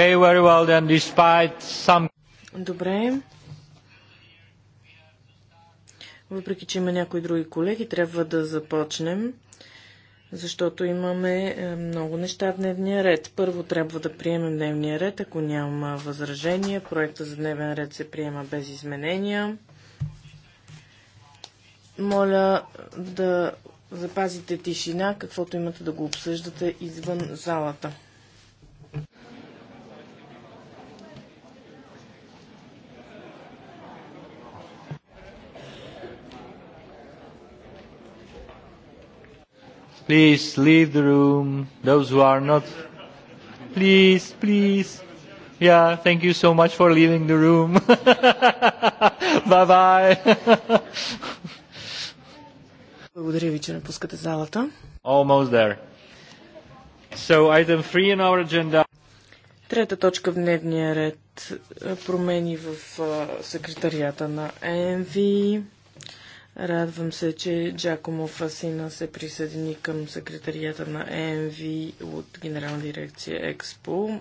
Okay, very well then, despite some... Добре. Въпреки, че има някои други колеги, трябва да започнем, защото имаме е, много неща в дневния ред. Първо трябва да приемем дневния ред, ако няма възражения. Проекта за дневен ред се приема без изменения. Моля да запазите тишина, каквото имате да го обсъждате извън залата. Please leave the room. Those who are not, please, please. Yeah, thank you so much for leaving the room. bye bye. Благодаря ви, че напускате залата. Almost there. So item three in our agenda. Трета точка в дневния ред. Промени в секретарията на ЕНВИ. Радвам се, че Джакомо Фасина се присъедини към секретарията на ЕМВ от Генерална дирекция Експо.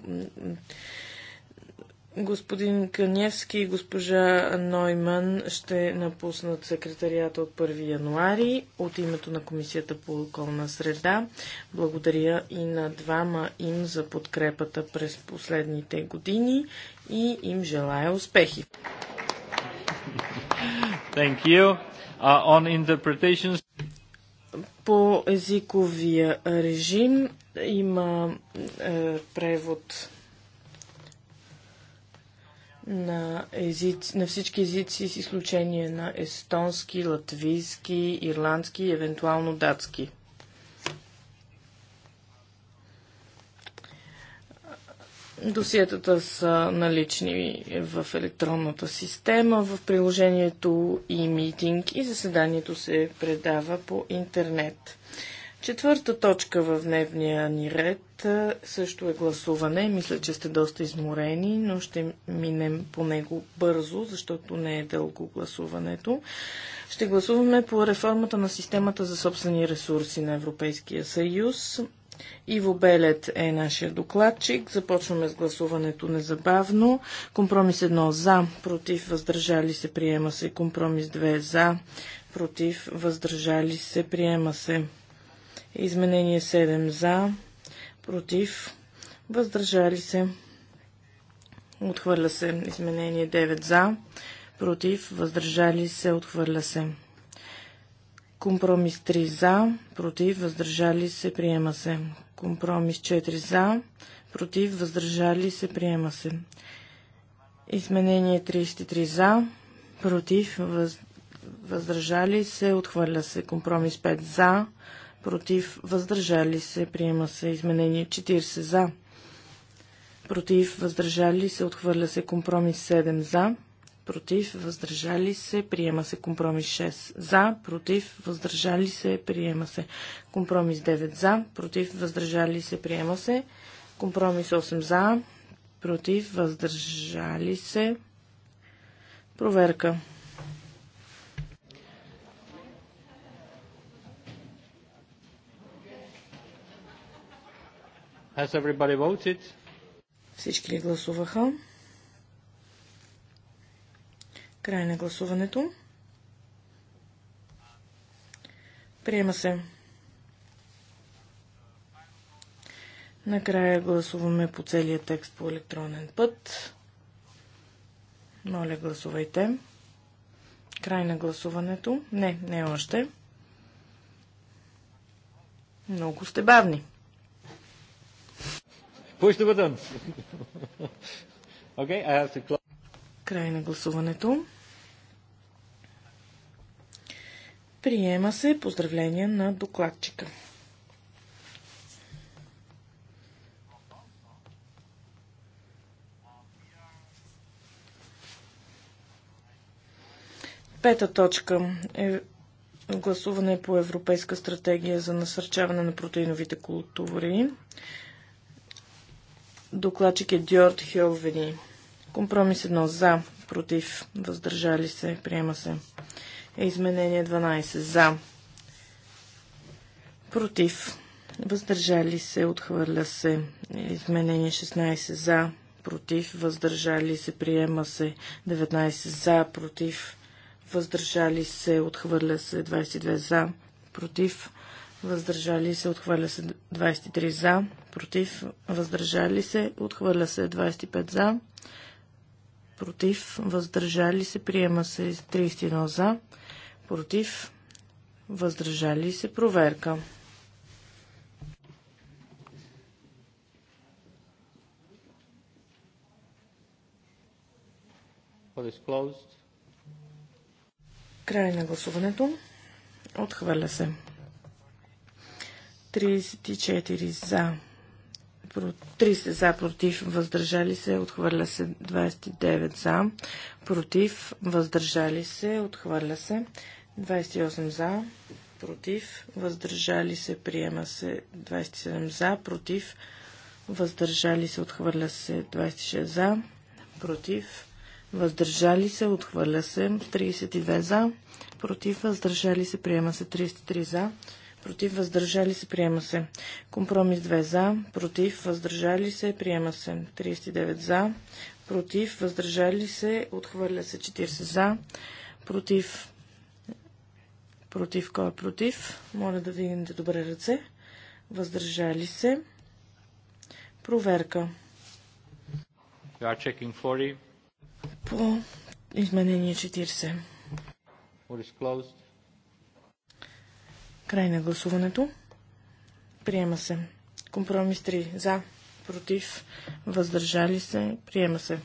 Господин Каневски и госпожа Нойман ще напуснат секретарията от 1 януари от името на Комисията по околна среда. Благодаря и на двама им за подкрепата през последните години и им желая успехи. Thank you. Uh, По езиковия режим има е, превод на, езици, на всички езици с изключение на естонски, латвийски, ирландски и евентуално датски. Досиетата са налични в електронната система, в приложението и митинг и заседанието се предава по интернет. Четвърта точка в дневния ни ред също е гласуване. Мисля, че сте доста изморени, но ще минем по него бързо, защото не е дълго гласуването. Ще гласуваме по реформата на системата за собствени ресурси на Европейския съюз. Иво Белет е нашия докладчик. Започваме с гласуването незабавно. Компромис 1 за, против, въздържали се, приема се. Компромис 2 за, против, въздържали се, приема се. Изменение 7 за, против, въздържали се. Отхвърля се. Изменение 9 за, против, въздържали се, отхвърля се. Компромис 3 за, против, въздържали се, приема се. Компромис 4 за, против, въздържали се, приема се. Изменение 33 за, против, въз... въздържали се, отхвърля се. Компромис 5 за, против, въздържали се, приема се. Изменение 40 за, против, въздържали се, отхвърля се. Компромис 7 за, против, въздържали се, приема се. Компромис 6 за, против, въздържали се, приема се. Компромис 9 за, против, въздържали се, приема се. Компромис 8 за, против, въздържали се. Проверка. Has everybody voted? Всички ли гласуваха? Край на гласуването. Приема се. Накрая гласуваме по целия текст по електронен път. Моля, гласувайте. Край на гласуването. Не, не още. Много сте бавни. Push the button. Okay, I have to Край на гласуването. Приема се поздравление на докладчика. Пета точка е гласуване по Европейска стратегия за насърчаване на протеиновите култури. Докладчик е Дьорд Хелвени. Компромис едно за, против, въздържали се, приема се е изменение 12. За. Против. Въздържали се. Отхвърля се. Изменение 16. За. Против. Въздържали се. Приема се. 19. За. Против. Въздържали се. Отхвърля се. 22. За. Против. Въздържали се. Отхвърля се. 23. За. Против. Въздържали се. Отхвърля се. 25. За против, въздържали се, приема се 31 за, против, въздържали се проверка. Край на гласуването. Отхвърля се. 34 за. 30 за, против, въздържали се, отхвърля се 29 за, против, въздържали се, отхвърля се 28 за, против, въздържали се, приема се 27 за, против, въздържали се, отхвърля се 26 за, против, въздържали се, отхвърля се 32 за, против, въздържали се, приема се 33 за, против, въздържали се, приема се. Компромис 2 за, против, въздържали се, приема се 39 за, против, въздържали се, отхвърля се 40 за, против, Против, кой е против? Моля да вдигнете добре ръце. Въздържали се. Проверка. По изменение 40. Край на гласуването. Приема се. Компромис 3. За, против, въздържали се. Приема се.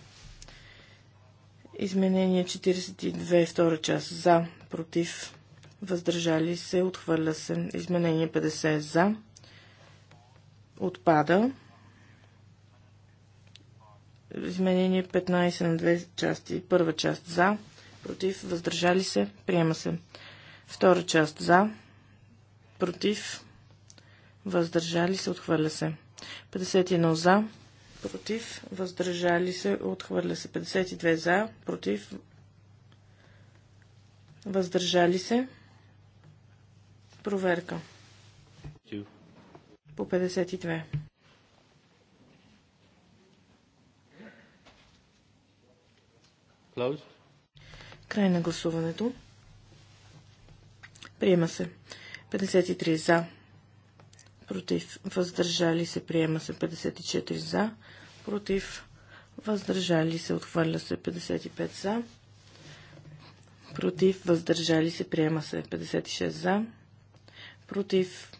Изменение 42, втора част. За, против, въздържали се, отхвърля се. Изменение 50 за, отпада. Изменение 15 на две части. Първа част за, против, въздържали се, приема се. Втора част за, против, въздържали се, отхвърля се. 51 за, против, въздържали се, отхвърля се. 52 за, против, въздържали се. Проверка. По 52. Closed. Край на гласуването. Приема се. 53 за. Против. Въздържали се. Приема се. 54 за. Против. Въздържали се. Отхвърля се. 55 за. Против. Въздържали се. Приема се. 56 за против,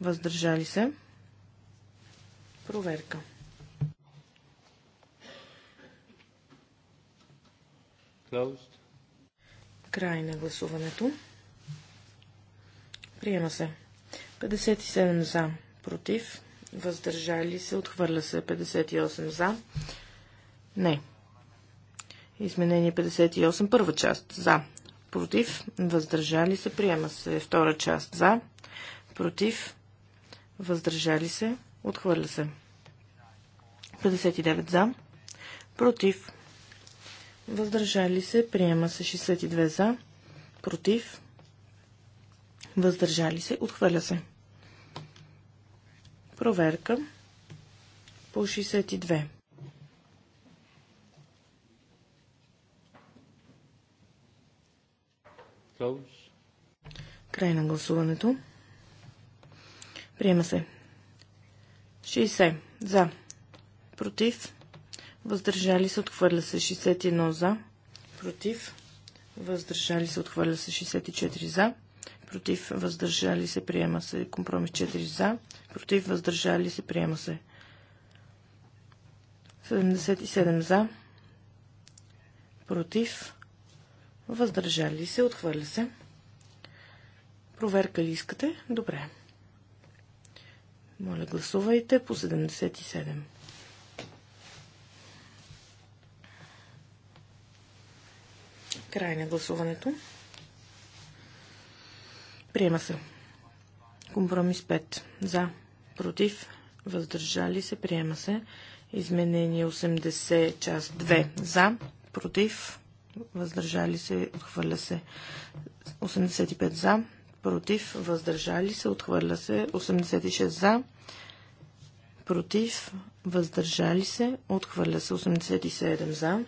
въздържали се. Проверка. Closed. Край на гласуването. Приема се. 57 за, против, въздържали се, отхвърля се 58 за. Не. Изменение 58, първа част. За против, въздържали се, приема се. Втора част за, против, въздържали се, отхвърля се. 59 за, против, въздържали се, приема се 62 за, против, въздържали се, отхвърля се. Проверка по 62. Close. Край на гласуването. Приема се. 60 за. Против. Въздържали се. Отхвърля се. 61 за. Против. Въздържали се. Отхвърля се. 64 за. Против. Въздържали се. Приема се. Компромис 4 за. Против. Въздържали се. Приема се. 77 за. Против. Въздържали се, отхвърля се. Проверка ли искате? Добре. Моля, гласувайте по 77. Край на гласуването. Приема се. Компромис 5. За. Против. Въздържали се. Приема се. Изменение 80 част 2. За. Против въздържали се, отхвърля се. 85 за, против, въздържали се, отхвърля се. 86 за, против, въздържали се, отхвърля се. 87 за,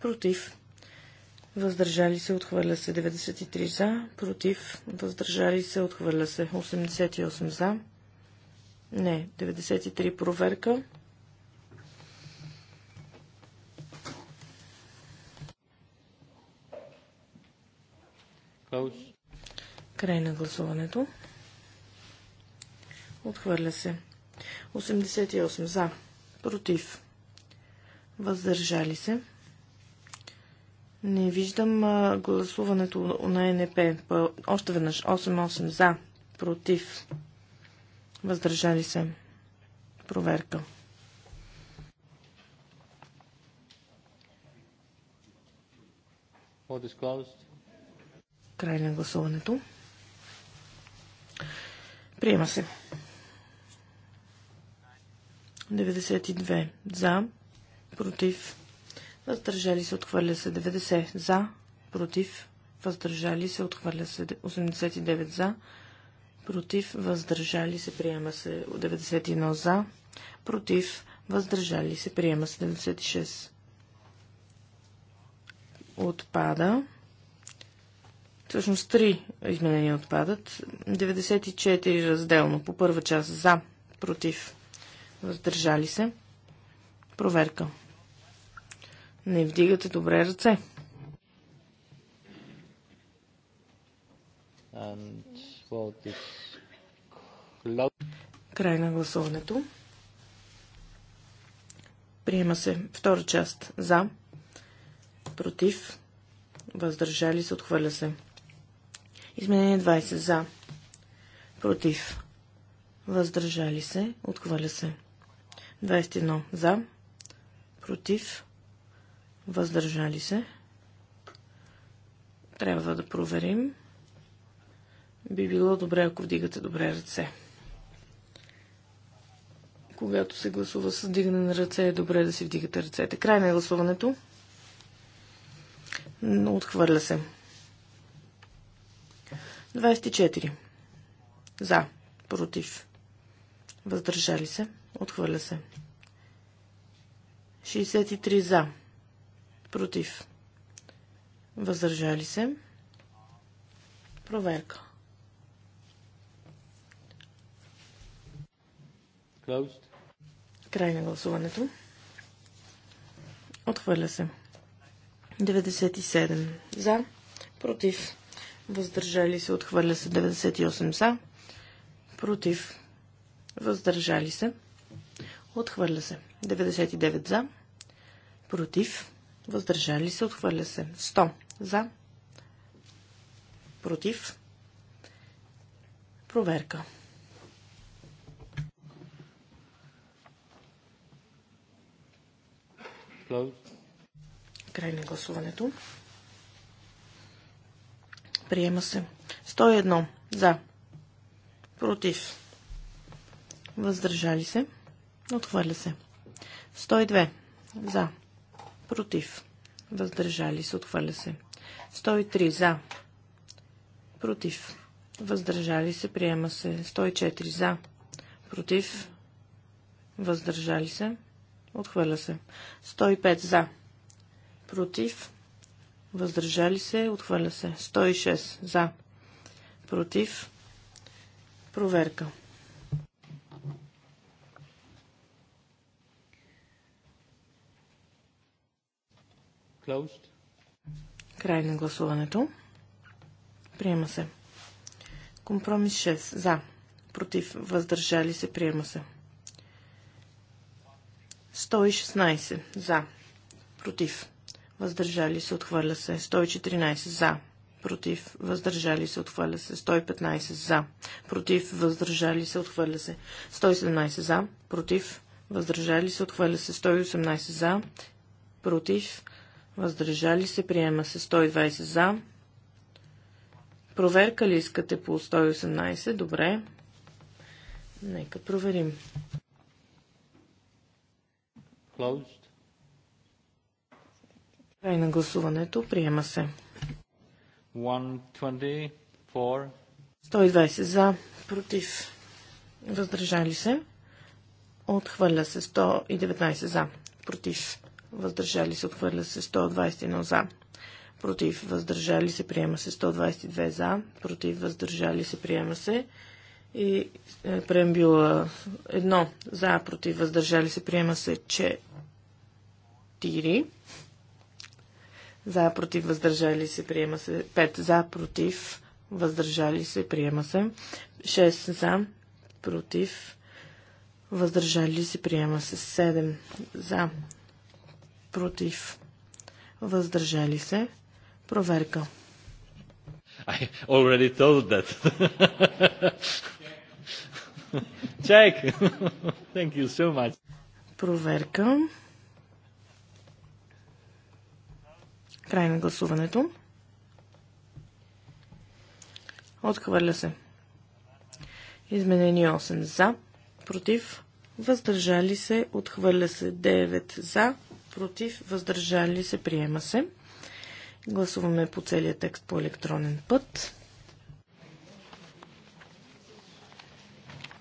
против, въздържали се, отхвърля се. 93 за, против, въздържали се, отхвърля се. 88 за, не, 93 проверка. Close. Край на гласуването. Отхвърля се. 88 за. Против. Въздържали се. Не виждам гласуването на НП. Още веднъж 8-8 за. Против. Въздържали се. Проверка. Vote Край на гласуването. Приема се. 92 за, против, въздържали се, отхвърля се 90 за, против, въздържали се, отхвърля се 89 за, против, въздържали се, приема се 91 за, против, въздържали се, приема се 96. Отпада. Всъщност три изменения отпадат. 94 разделно по първа част за, против, въздържали се. Проверка. Не вдигате добре ръце. Край на гласуването. Приема се втора част за, против, въздържали се, отхвърля се. Изменение 20 за. Против. Въздържали се. Отхвърля се. 21 за. Против. Въздържали се. Трябва да проверим. Би било добре, ако вдигате добре ръце. Когато се гласува с дигане на ръце, е добре да си вдигате ръцете. Край на гласуването. Но отхвърля се. 24. За. Против. Въздържали се. Отхвърля се. 63 за. Против. Въздържали се. Проверка. Closed. Край на гласуването. Отхвърля се. 97 за. Против въздържали се, отхвърля се 98 за, против, въздържали се, отхвърля се 99 за, против, въздържали се, отхвърля се 100 за, против, проверка. Край на гласуването. Приема се. 101. За. Против. Въздържали се. Отхвърля се. 102. За. Против. Въздържали се. Отхвърля се. 103. За. Против. Въздържали се. Приема се. 104. За. Против. Въздържали се. Отхвърля се. 105. За. Против въздържали се, отхвърля се. 106 за, против, проверка. Closed. Край на гласуването. Приема се. Компромис 6. За. Против. Въздържали се. Приема се. 116. За. Против въздържали се, отхвърля се. 114 за, против, въздържали се, отхвърля се. 115 за, против, въздържали се, отхвърля се. 117 за, против, въздържали се, отхвърля се. 118 за, против, въздържали се, приема се. 120 за. Проверка ли искате по 118? Добре. Нека проверим. Close. Край на гласуването. Приема се. 120 за, против, въздържали се. Отхвърля се 119 за, против, въздържали се. Отхвърля се 121 за, против, въздържали се. Приема се 122 за, против, въздържали се. Приема се. И е, преамбюла 1 за, против, въздържали се. Приема се 4 за, против, въздържали се, приема се. 5. За, против, въздържали се, приема се. 6. За, против, въздържали се, приема се. 7. За, против, въздържали се. Проверка. I already told that. Check. Thank you so much. Проверка. Край на гласуването. Отхвърля се. Изменени 8 за, против, въздържали се, отхвърля се 9 за, против, въздържали се, приема се. Гласуваме по целия текст по електронен път.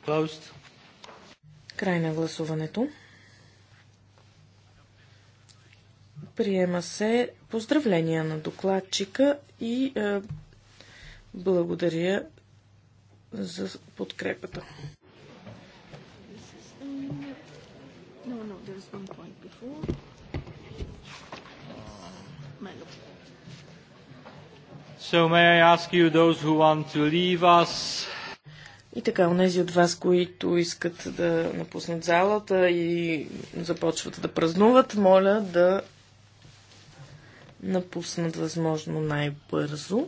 Closed. Край на гласуването. Приема се Поздравления на докладчика и е, благодаря за подкрепата. Uh, so may I ask you those who want to leave us? И така, онези от вас, които искат да напуснат залата и започват да празнуват, моля да напуснат възможно най-бързо.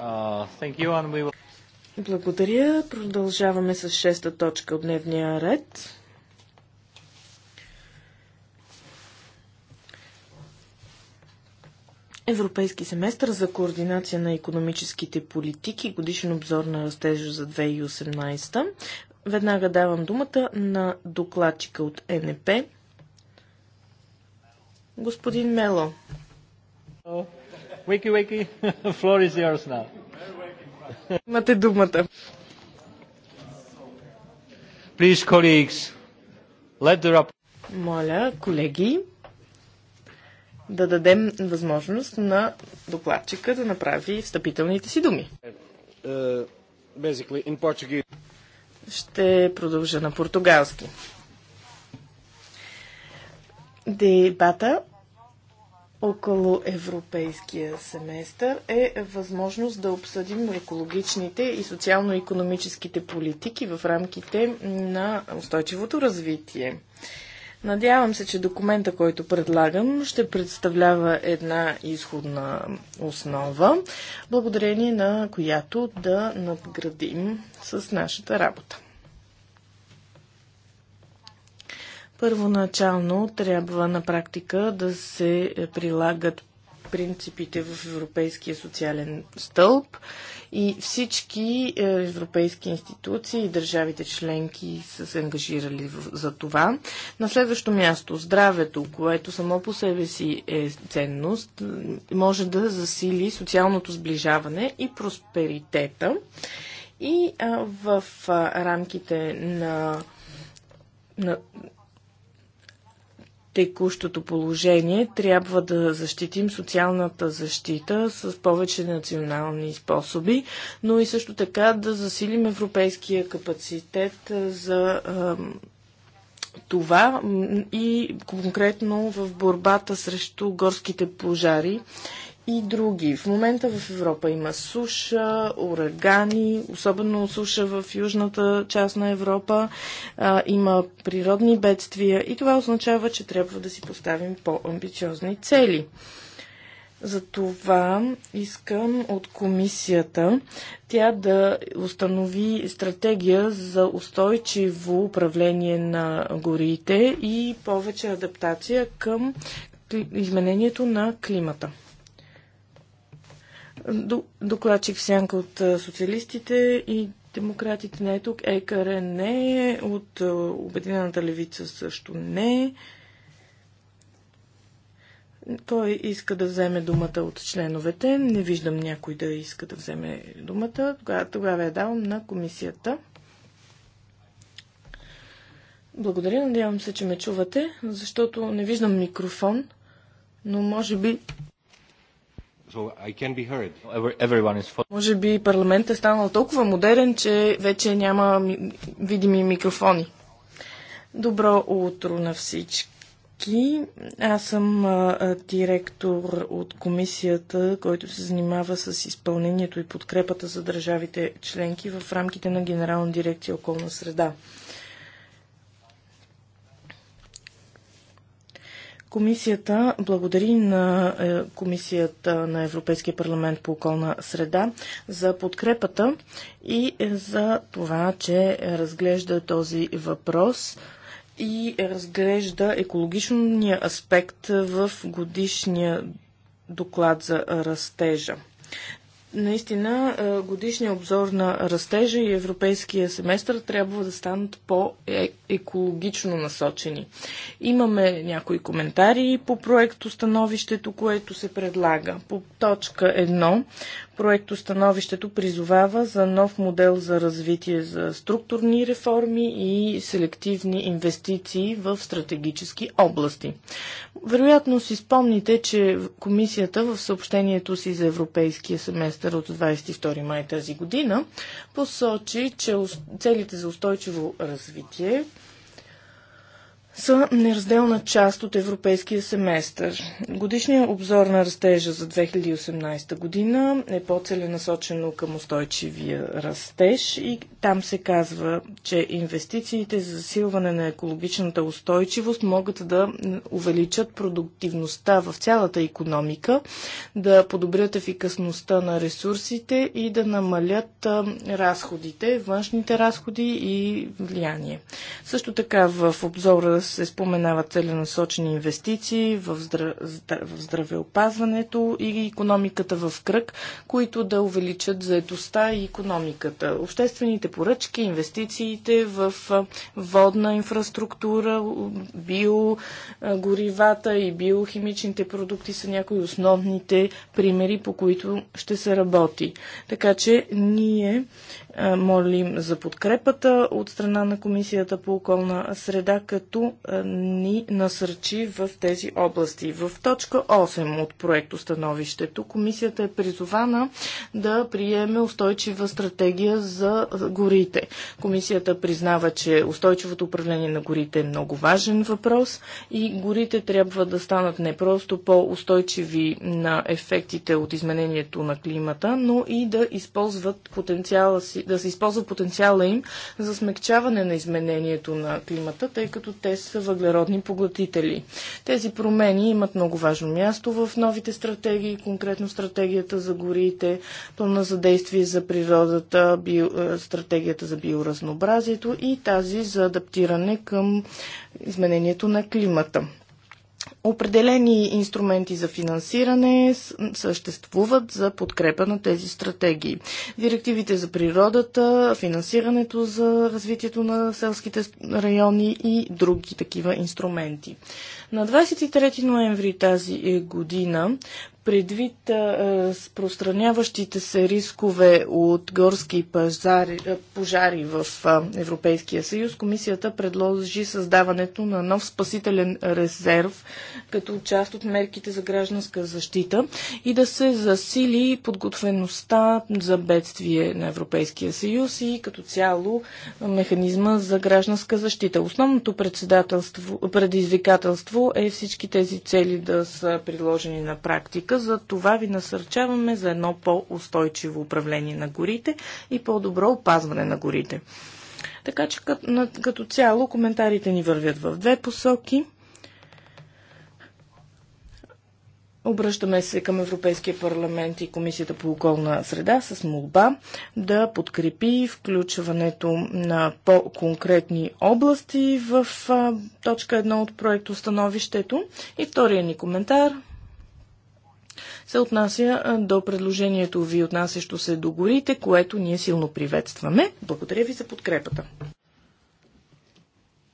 Uh, Благодаря. Продължаваме с шеста точка от дневния ред. Европейски семестър за координация на економическите политики, годишен обзор на растежа за 2018. Веднага давам думата на докладчика от НП, господин Мело. Wakey, wiki, floor is yours now. Имате думата. Please, colleagues, let the rap... Моля, колеги, да дадем възможност на докладчика да направи встъпителните си думи. Uh, in Portuguese. Ще продължа на португалски. Дебата около европейския семестър е възможност да обсъдим екологичните и социално-економическите политики в рамките на устойчивото развитие. Надявам се, че документа, който предлагам, ще представлява една изходна основа, благодарение на която да надградим с нашата работа. Първоначално трябва на практика да се прилагат принципите в Европейския социален стълб и всички е, европейски институции и държавите членки са се ангажирали за това. На следващо място, здравето, което само по себе си е ценност, може да засили социалното сближаване и просперитета. И а, в а, рамките на на текущото положение, трябва да защитим социалната защита с повече национални способи, но и също така да засилим европейския капацитет за това и конкретно в борбата срещу горските пожари и други. В момента в Европа има суша, урагани, особено суша в южната част на Европа. А, има природни бедствия и това означава, че трябва да си поставим по-амбициозни цели. Затова искам от комисията тя да установи стратегия за устойчиво управление на горите и повече адаптация към изменението на климата. Докладчик сянка от социалистите и демократите не е тук. Екаре не. Е. От Обединената левица също не. Е. Той иска да вземе думата от членовете? Не виждам някой да иска да вземе думата. Тогава, тогава я давам на комисията. Благодаря, надявам се, че ме чувате, защото не виждам микрофон, но може би може би парламентът е станал толкова модерен, че вече няма видими микрофони. Добро утро на всички. Аз съм а, директор от комисията, който се занимава с изпълнението и подкрепата за държавите членки в рамките на Генерална дирекция околна среда. Комисията благодари на е, Комисията на Европейския парламент по околна среда за подкрепата и е, за това, че разглежда този въпрос и разглежда екологичния аспект в годишния доклад за растежа наистина е, годишния обзор на растежа и европейския семестър трябва да станат по-екологично насочени. Имаме някои коментари по проекто становището, което се предлага. По точка 1 Проектостановището призовава за нов модел за развитие за структурни реформи и селективни инвестиции в стратегически области. Вероятно си спомните, че комисията в съобщението си за европейския семестър от 22 май тази година посочи, че целите за устойчиво развитие са неразделна част от европейския семестър. Годишният обзор на растежа за 2018 година е по-целенасочено към устойчивия растеж и там се казва, че инвестициите за засилване на екологичната устойчивост могат да увеличат продуктивността в цялата економика, да подобрят ефикасността на ресурсите и да намалят разходите, външните разходи и влияние. Също така в обзора се споменават целенасочени инвестиции в, здра... в здравеопазването и економиката в кръг, които да увеличат заедостта и економиката. Обществените поръчки, инвестициите в водна инфраструктура, биогоривата и биохимичните продукти са някои основните примери, по които ще се работи. Така че ние молим за подкрепата от страна на Комисията по околна среда, като ни насърчи в тези области. В точка 8 от проекто становището комисията е призована да приеме устойчива стратегия за горите. Комисията признава, че устойчивото управление на горите е много важен въпрос и горите трябва да станат не просто по-устойчиви на ефектите от изменението на климата, но и да използват потенциала си, да се използва потенциала им за смягчаване на изменението на климата, тъй като те с въглеродни поглътители. Тези промени имат много важно място в новите стратегии, конкретно стратегията за горите, плана за действие за природата, био, е, стратегията за биоразнообразието и тази за адаптиране към изменението на климата. Определени инструменти за финансиране съществуват за подкрепа на тези стратегии. Директивите за природата, финансирането за развитието на селските райони и други такива инструменти. На 23 ноември тази е, година Предвид разпространяващите се рискове от горски пазари, пожари в Европейския съюз, комисията предложи създаването на нов спасителен резерв като част от мерките за гражданска защита и да се засили подготвеността за бедствие на Европейския съюз и като цяло механизма за гражданска защита. Основното предизвикателство е всички тези цели да са приложени на практика сметка за това ви насърчаваме за едно по-устойчиво управление на горите и по-добро опазване на горите. Така че като цяло коментарите ни вървят в две посоки. Обръщаме се към Европейския парламент и Комисията по околна среда с молба да подкрепи включването на по-конкретни области в точка 1 от проекто становището. И втория ни коментар се отнася до предложението ви, отнасящо се до горите, което ние силно приветстваме. Благодаря ви за подкрепата.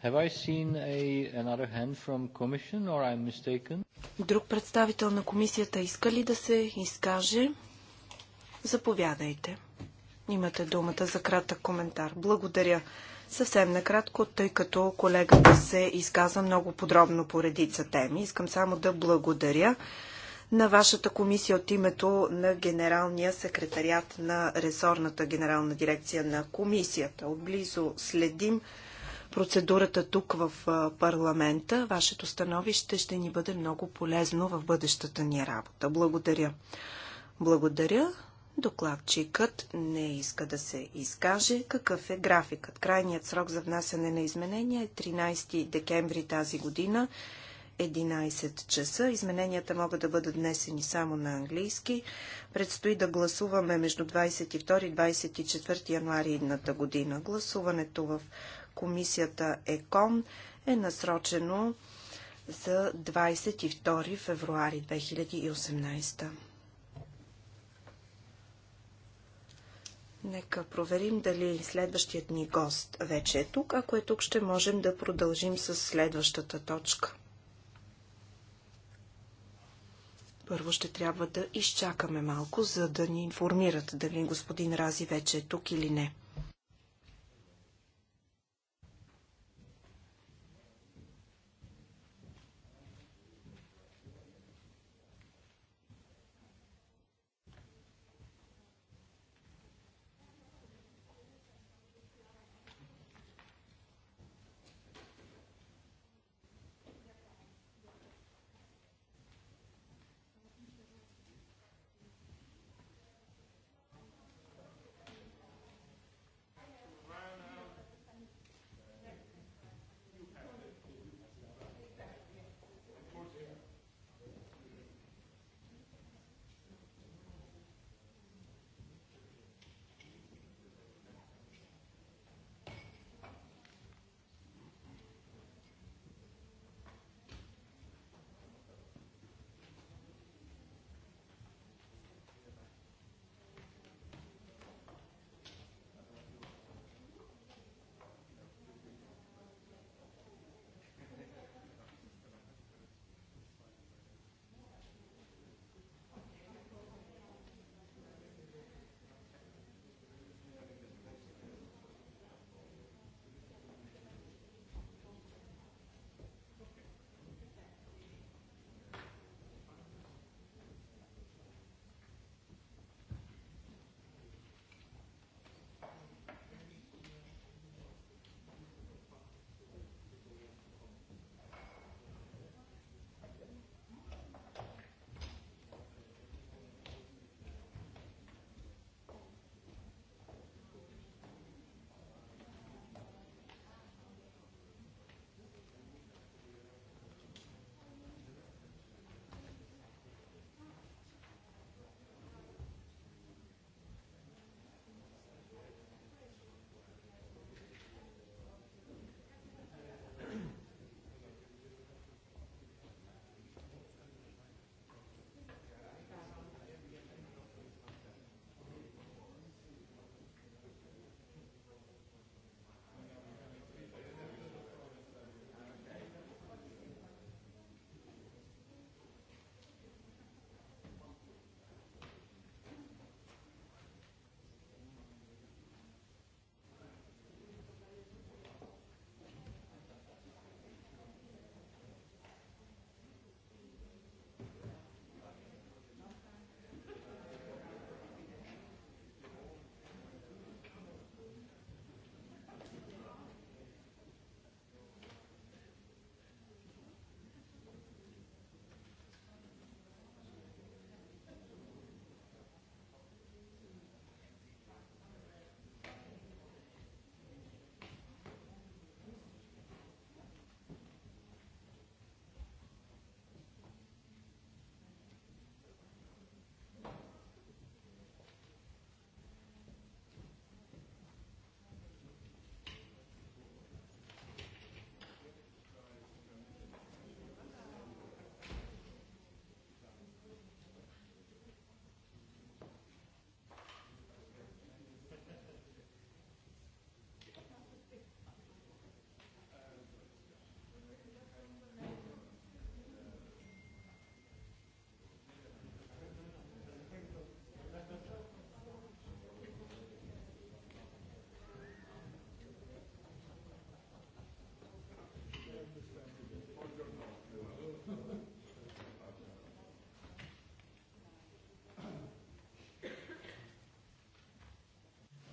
Have I seen a, another hand from commission or I'm mistaken? Друг представител на комисията иска ли да се изкаже? Заповядайте. Имате думата за кратък коментар. Благодаря. Съвсем накратко, тъй като колегата се изказа много подробно по редица теми. Искам само да благодаря на вашата комисия от името на генералния секретарят на ресорната генерална дирекция на комисията. Отблизо следим процедурата тук в парламента. Вашето становище ще ни бъде много полезно в бъдещата ни работа. Благодаря. Благодаря. Докладчикът не иска да се изкаже какъв е графикът. Крайният срок за внасяне на изменения е 13 декември тази година, 11 часа. Измененията могат да бъдат внесени само на английски. Предстои да гласуваме между 22 и 24 януари едната година. Гласуването в комисията ЕКОН е насрочено за 22 февруари 2018. Нека проверим дали следващият ни гост вече е тук. Ако е тук, ще можем да продължим с следващата точка. Първо ще трябва да изчакаме малко, за да ни информират дали господин Рази вече е тук или не.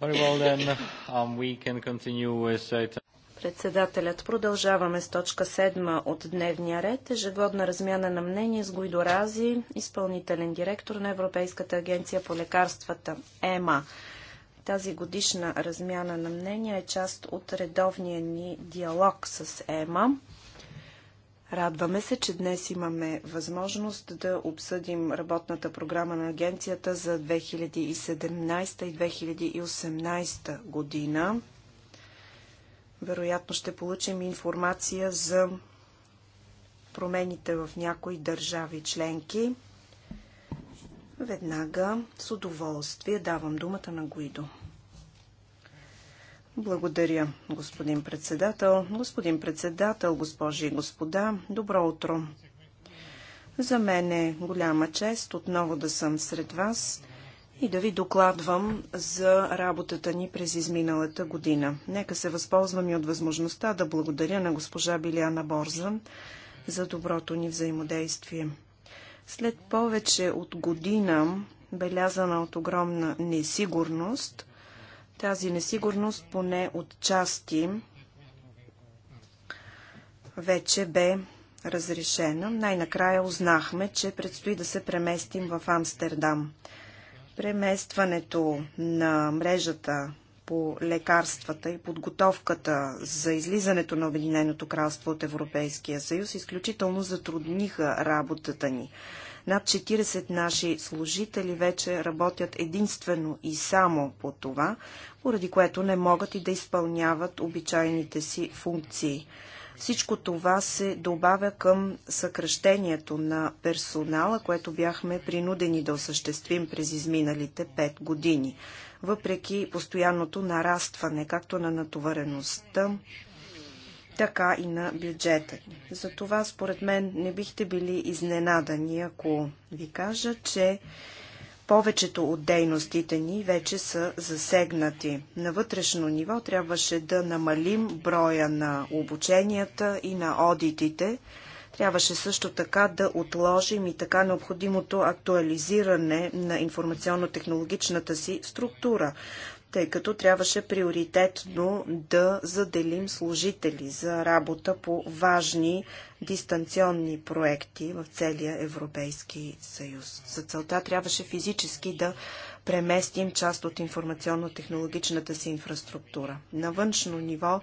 Um, uh, Председателят, продължаваме с точка 7 от дневния ред. Ежегодна размяна на мнение с Гуйдо Рази, изпълнителен директор на Европейската агенция по лекарствата ЕМА. Тази годишна размяна на мнения е част от редовния ни диалог с ЕМА. Радваме се, че днес имаме възможност да обсъдим работната програма на агенцията за 2017 и 2018 година. Вероятно ще получим информация за промените в някои държави членки. Веднага с удоволствие давам думата на Гуидо. Благодаря, господин председател. Господин председател, госпожи и господа, добро утро. За мен е голяма чест отново да съм сред вас и да ви докладвам за работата ни през изминалата година. Нека се възползвам и от възможността да благодаря на госпожа Билиана Борзан за доброто ни взаимодействие. След повече от година, белязана от огромна несигурност, тази несигурност поне от части вече бе разрешена. Най-накрая узнахме, че предстои да се преместим в Амстердам. Преместването на мрежата по лекарствата и подготовката за излизането на Обединеното кралство от Европейския съюз изключително затрудниха работата ни. Над 40 наши служители вече работят единствено и само по това, поради което не могат и да изпълняват обичайните си функции. Всичко това се добавя към съкръщението на персонала, което бяхме принудени да осъществим през изминалите 5 години. Въпреки постоянното нарастване, както на натовареността, така и на бюджета За Затова, според мен, не бихте били изненадани, ако ви кажа, че повечето от дейностите ни вече са засегнати. На вътрешно ниво трябваше да намалим броя на обученията и на одитите. Трябваше също така да отложим и така необходимото актуализиране на информационно-технологичната си структура тъй като трябваше приоритетно да заделим служители за работа по важни дистанционни проекти в целия Европейски съюз. За целта трябваше физически да преместим част от информационно-технологичната си инфраструктура. На външно ниво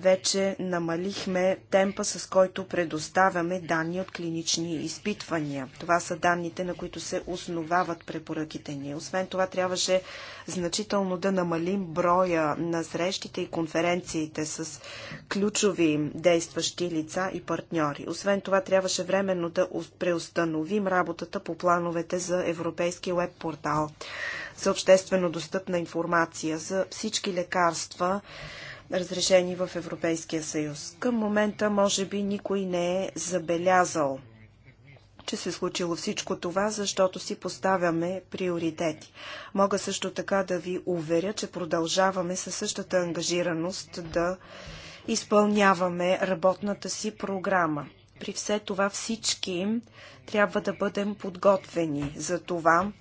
вече намалихме темпа, с който предоставяме данни от клинични изпитвания. Това са данните, на които се основават препоръките ни. Освен това, трябваше значително да намалим броя на срещите и конференциите с ключови действащи лица и партньори. Освен това, трябваше временно да преустановим работата по плановете за европейски веб-портал за обществено достъпна информация за всички лекарства, разрешени в Европейския съюз. Към момента, може би, никой не е забелязал, че се е случило всичко това, защото си поставяме приоритети. Мога също така да ви уверя, че продължаваме със същата ангажираност да изпълняваме работната си програма. При все това всички трябва да бъдем подготвени за това,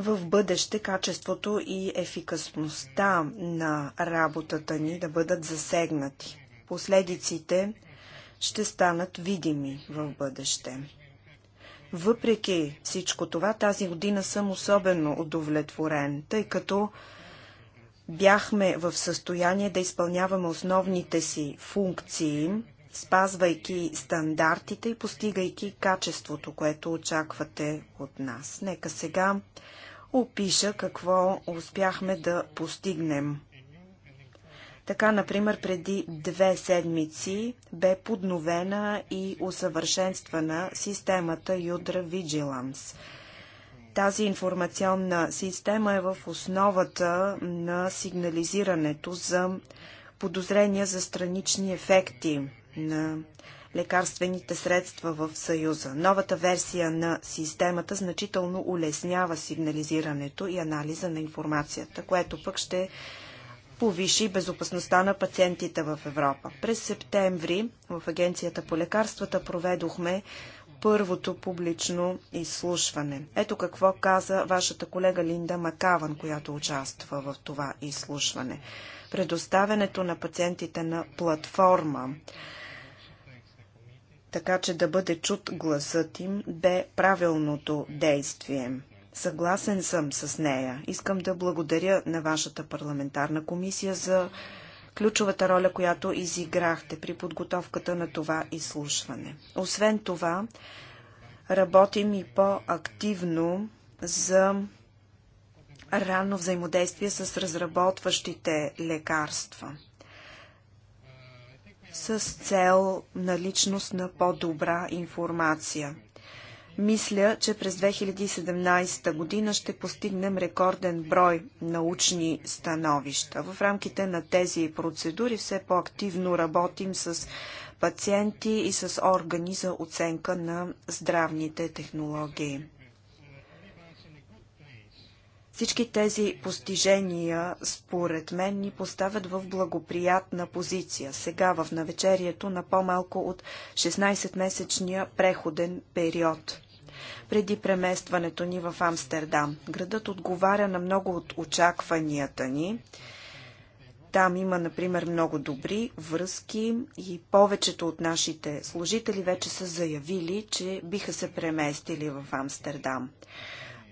в бъдеще качеството и ефикасността на работата ни да бъдат засегнати. Последиците ще станат видими в бъдеще. Въпреки всичко това, тази година съм особено удовлетворен, тъй като бяхме в състояние да изпълняваме основните си функции, спазвайки стандартите и постигайки качеството, което очаквате от нас. Нека сега опиша какво успяхме да постигнем. Така, например, преди две седмици бе подновена и усъвършенствана системата Юдра Vigilance. Тази информационна система е в основата на сигнализирането за подозрения за странични ефекти на лекарствените средства в Съюза. Новата версия на системата значително улеснява сигнализирането и анализа на информацията, което пък ще повиши безопасността на пациентите в Европа. През септември в Агенцията по лекарствата проведохме първото публично изслушване. Ето какво каза вашата колега Линда Макаван, която участва в това изслушване. Предоставянето на пациентите на платформа така че да бъде чут гласът им, бе правилното действие. Съгласен съм с нея. Искам да благодаря на вашата парламентарна комисия за ключовата роля, която изиграхте при подготовката на това изслушване. Освен това, работим и по-активно за ранно взаимодействие с разработващите лекарства с цел наличност на по-добра информация. Мисля, че през 2017 година ще постигнем рекорден брой научни становища. В рамките на тези процедури все по-активно работим с пациенти и с органи за оценка на здравните технологии. Всички тези постижения, според мен, ни поставят в благоприятна позиция сега в навечерието на по-малко от 16-месечния преходен период преди преместването ни в Амстердам. Градът отговаря на много от очакванията ни. Там има, например, много добри връзки и повечето от нашите служители вече са заявили, че биха се преместили в Амстердам.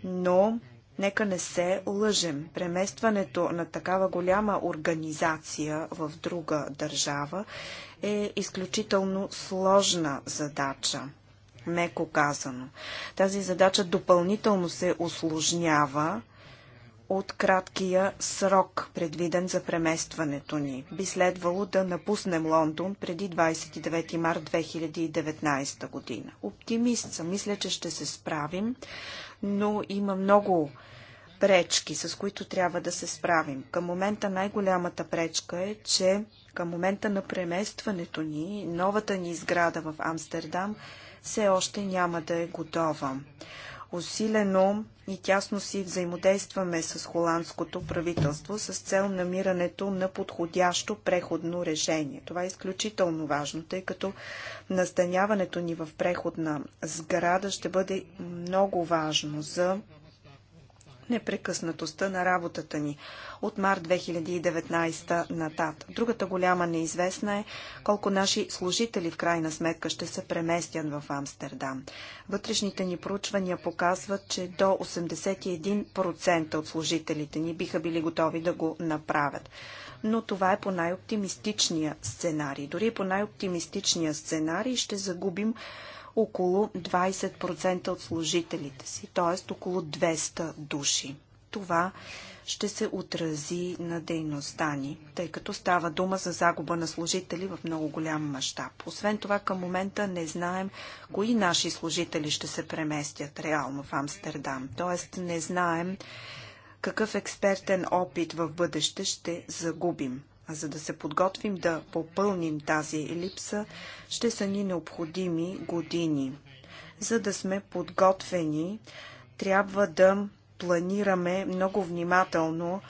Но Нека не се лъжем. Преместването на такава голяма организация в друга държава е изключително сложна задача меко казано. Тази задача допълнително се осложнява от краткия срок, предвиден за преместването ни. Би следвало да напуснем Лондон преди 29 март 2019 година. Оптимист съм, мисля, че ще се справим, но има много пречки, с които трябва да се справим. Към момента най-голямата пречка е, че към момента на преместването ни, новата ни сграда в Амстердам все още няма да е готова усилено и тясно си взаимодействаме с холандското правителство с цел намирането на подходящо преходно решение. Това е изключително важно, тъй като настаняването ни в преходна сграда ще бъде много важно за непрекъснатостта на работата ни от март 2019 натат. Другата голяма неизвестна е колко наши служители в крайна сметка ще се преместят в Амстердам. Вътрешните ни проучвания показват, че до 81% от служителите ни биха били готови да го направят но това е по най-оптимистичния сценарий. Дори по най-оптимистичния сценарий ще загубим около 20% от служителите си, т.е. около 200 души. Това ще се отрази на дейността ни, тъй като става дума за загуба на служители в много голям мащаб. Освен това, към момента не знаем кои наши служители ще се преместят реално в Амстердам. Тоест не знаем какъв експертен опит в бъдеще ще загубим. За да се подготвим да попълним тази липса, ще са ни необходими години. За да сме подготвени, трябва да планираме много внимателно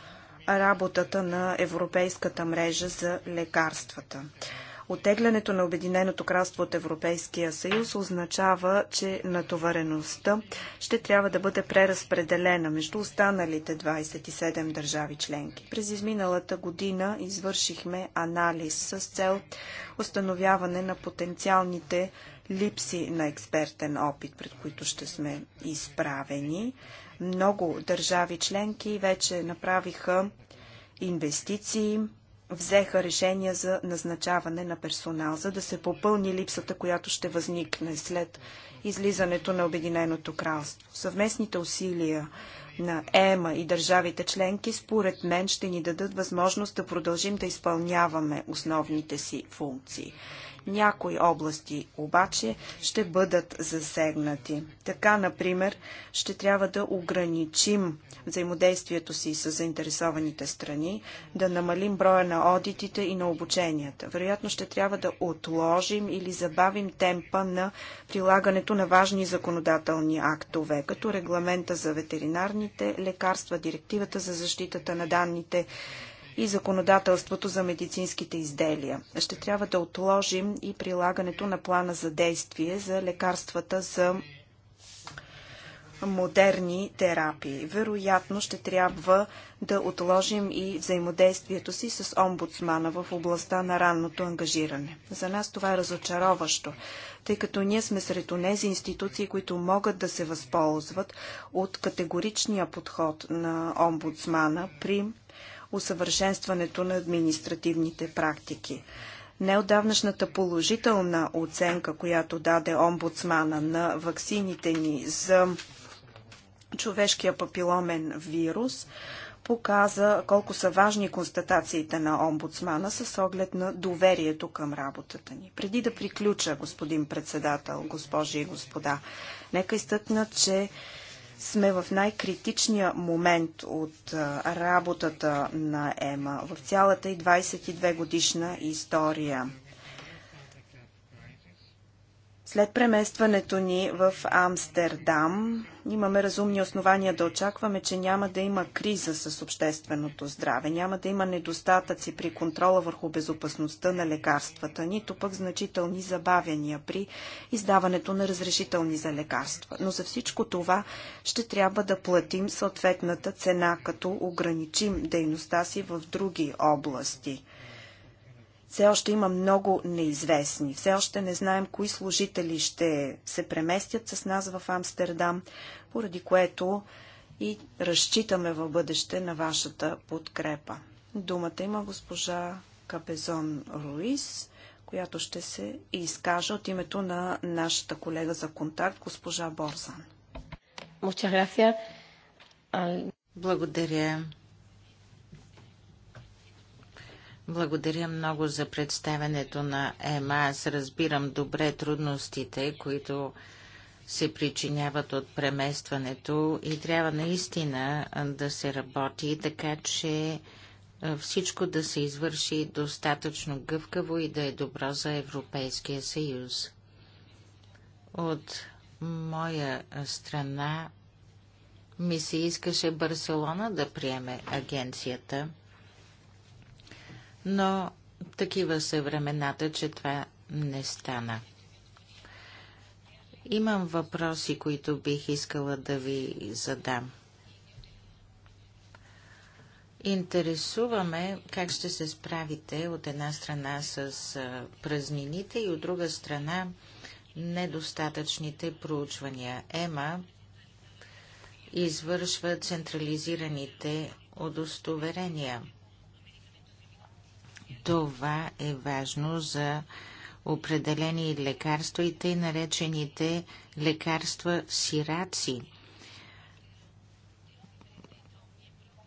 работата на Европейската мрежа за лекарствата. Отеглянето на Обединеното кралство от Европейския съюз означава, че натовареността ще трябва да бъде преразпределена между останалите 27 държави членки. През изминалата година извършихме анализ с цел установяване на потенциалните липси на експертен опит, пред които ще сме изправени. Много държави членки вече направиха инвестиции взеха решения за назначаване на персонал, за да се попълни липсата, която ще възникне след излизането на Обединеното кралство. Съвместните усилия на ЕМА и държавите членки, според мен, ще ни дадат възможност да продължим да изпълняваме основните си функции. Някои области обаче ще бъдат засегнати. Така, например, ще трябва да ограничим взаимодействието си с заинтересованите страни, да намалим броя на одитите и на обученията. Вероятно ще трябва да отложим или забавим темпа на прилагането на важни законодателни актове, като регламента за ветеринарните лекарства, директивата за защитата на данните, и законодателството за медицинските изделия. Ще трябва да отложим и прилагането на плана за действие за лекарствата за модерни терапии. Вероятно ще трябва да отложим и взаимодействието си с омбудсмана в областта на ранното ангажиране. За нас това е разочароващо, тъй като ние сме сред онези институции, които могат да се възползват от категоричния подход на омбудсмана при усъвършенстването на административните практики. Неодавнашната положителна оценка, която даде омбудсмана на ваксините ни за човешкия папиломен вирус, показа колко са важни констатациите на омбудсмана с оглед на доверието към работата ни. Преди да приключа, господин председател, госпожи и господа, нека изтъкна, че сме в най-критичния момент от работата на ЕМА в цялата и 22 годишна история. След преместването ни в Амстердам имаме разумни основания да очакваме, че няма да има криза с общественото здраве, няма да има недостатъци при контрола върху безопасността на лекарствата, нито пък значителни забавяния при издаването на разрешителни за лекарства. Но за всичко това ще трябва да платим съответната цена, като ограничим дейността си в други области. Все още има много неизвестни. Все още не знаем кои служители ще се преместят с нас в Амстердам, поради което и разчитаме в бъдеще на вашата подкрепа. Думата има госпожа Капезон Руис, която ще се изкаже от името на нашата колега за контакт, госпожа Борзан. Благодаря. Благодаря много за представенето на ЕМА. Аз разбирам добре трудностите, които се причиняват от преместването и трябва наистина да се работи, така че всичко да се извърши достатъчно гъвкаво и да е добро за Европейския съюз. От моя страна ми се искаше Барселона да приеме агенцията – но такива са времената, че това не стана. Имам въпроси, които бих искала да ви задам. Интересуваме как ще се справите от една страна с празнините и от друга страна недостатъчните проучвания. ЕМА извършва централизираните удостоверения – това е важно за определени лекарства и тъй наречените лекарства сираци.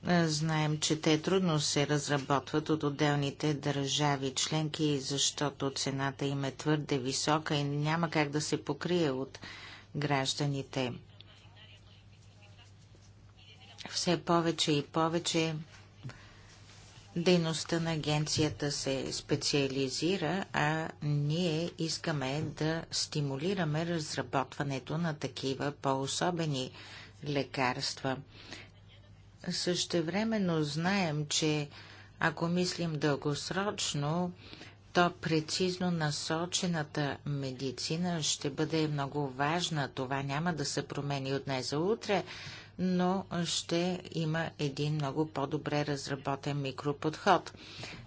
Знаем, че те трудно се разработват от отделните държави членки, защото цената им е твърде висока и няма как да се покрие от гражданите. Все повече и повече Дейността на агенцията се специализира, а ние искаме да стимулираме разработването на такива по-особени лекарства. Същевременно знаем, че ако мислим дългосрочно, то прецизно насочената медицина ще бъде много важна. Това няма да се промени от днес за утре, но ще има един много по-добре разработен микроподход.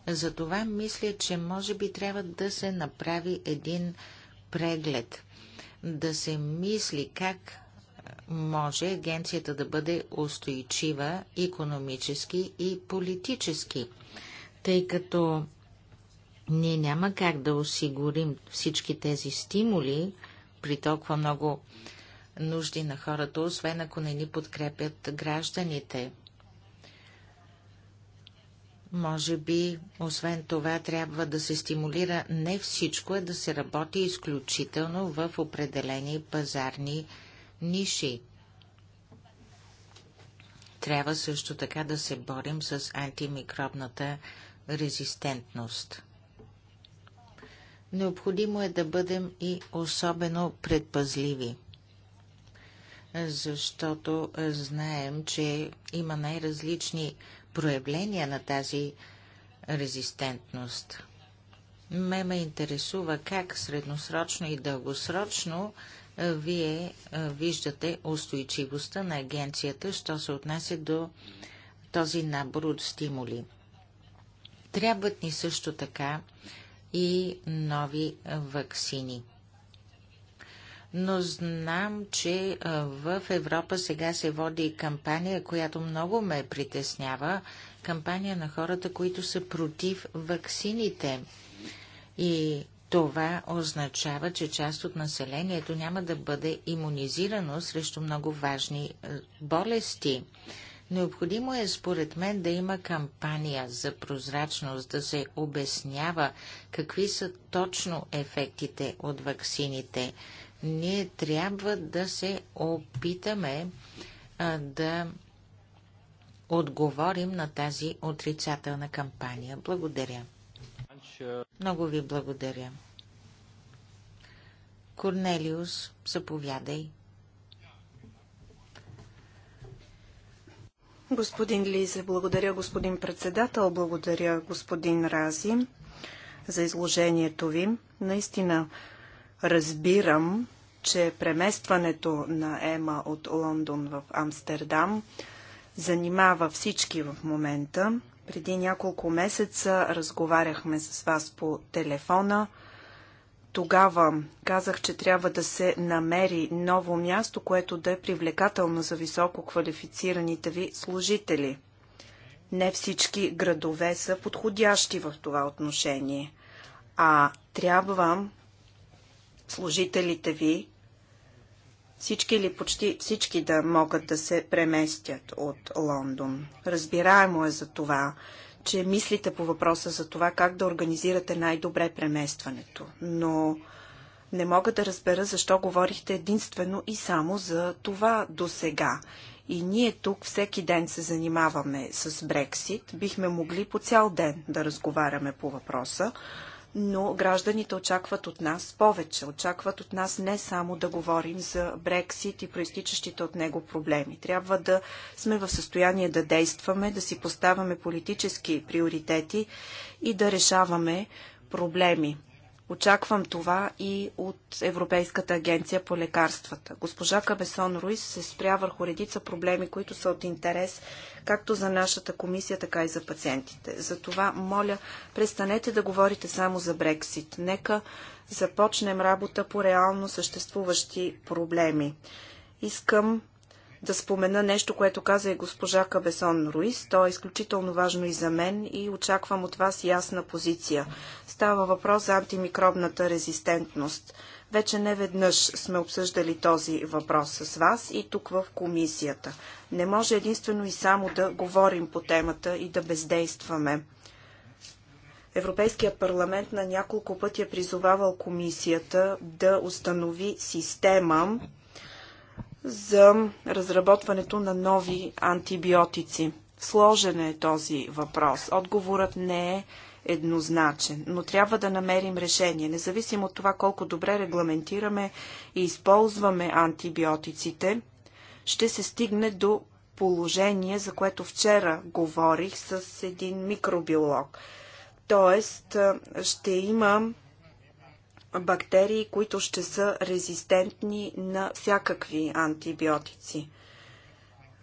Затова мисля, че може би трябва да се направи един преглед, да се мисли как може агенцията да бъде устойчива економически и политически, тъй като ние няма как да осигурим всички тези стимули при толкова много нужди на хората, освен ако не ни подкрепят гражданите. Може би, освен това, трябва да се стимулира не всичко, а да се работи изключително в определени пазарни ниши. Трябва също така да се борим с антимикробната резистентност. Необходимо е да бъдем и особено предпазливи защото знаем, че има най-различни проявления на тази резистентност. Ме ме интересува как средносрочно и дългосрочно вие виждате устойчивостта на агенцията, що се отнася до този набор от стимули. Трябват ни също така и нови ваксини но знам, че в Европа сега се води кампания, която много ме притеснява. Кампания на хората, които са против ваксините. И това означава, че част от населението няма да бъде иммунизирано срещу много важни болести. Необходимо е, според мен, да има кампания за прозрачност, да се обяснява какви са точно ефектите от ваксините. Ние трябва да се опитаме а, да отговорим на тази отрицателна кампания. Благодаря. Много ви благодаря. Корнелиус, заповядай. Господин Лизе, благодаря господин председател, благодаря господин Рази за изложението ви. Наистина, Разбирам, че преместването на Ема от Лондон в Амстердам занимава всички в момента. Преди няколко месеца разговаряхме с вас по телефона. Тогава казах, че трябва да се намери ново място, което да е привлекателно за високо квалифицираните ви служители. Не всички градове са подходящи в това отношение, а трябва служителите ви, всички или почти всички да могат да се преместят от Лондон. Разбираемо е за това, че мислите по въпроса за това как да организирате най-добре преместването, но не мога да разбера защо говорихте единствено и само за това до сега. И ние тук всеки ден се занимаваме с Брексит. Бихме могли по цял ден да разговаряме по въпроса, но гражданите очакват от нас повече. Очакват от нас не само да говорим за Брексит и проистичащите от него проблеми. Трябва да сме в състояние да действаме, да си поставяме политически приоритети и да решаваме проблеми. Очаквам това и от Европейската агенция по лекарствата. Госпожа Кабесон Руис се спря върху редица проблеми, които са от интерес както за нашата комисия, така и за пациентите. Затова, моля, престанете да говорите само за Брексит. Нека започнем работа по реално съществуващи проблеми. Искам да спомена нещо, което каза и госпожа Кабесон Руис. То е изключително важно и за мен и очаквам от вас ясна позиция. Става въпрос за антимикробната резистентност. Вече не веднъж сме обсъждали този въпрос с вас и тук в комисията. Не може единствено и само да говорим по темата и да бездействаме. Европейският парламент на няколко пъти е призовавал комисията да установи система, за разработването на нови антибиотици. Сложен е този въпрос. Отговорът не е еднозначен, но трябва да намерим решение. Независимо от това колко добре регламентираме и използваме антибиотиците, ще се стигне до положение, за което вчера говорих с един микробиолог. Тоест, ще има бактерии, които ще са резистентни на всякакви антибиотици.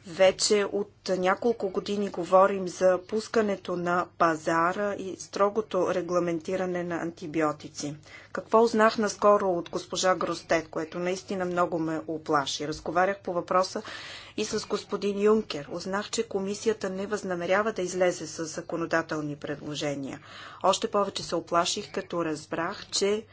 Вече от няколко години говорим за пускането на пазара и строгото регламентиране на антибиотици. Какво узнах наскоро от госпожа Гростет, което наистина много ме оплаши. Разговарях по въпроса и с господин Юнкер. Узнах, че комисията не възнамерява да излезе с законодателни предложения. Още повече се оплаших, като разбрах, че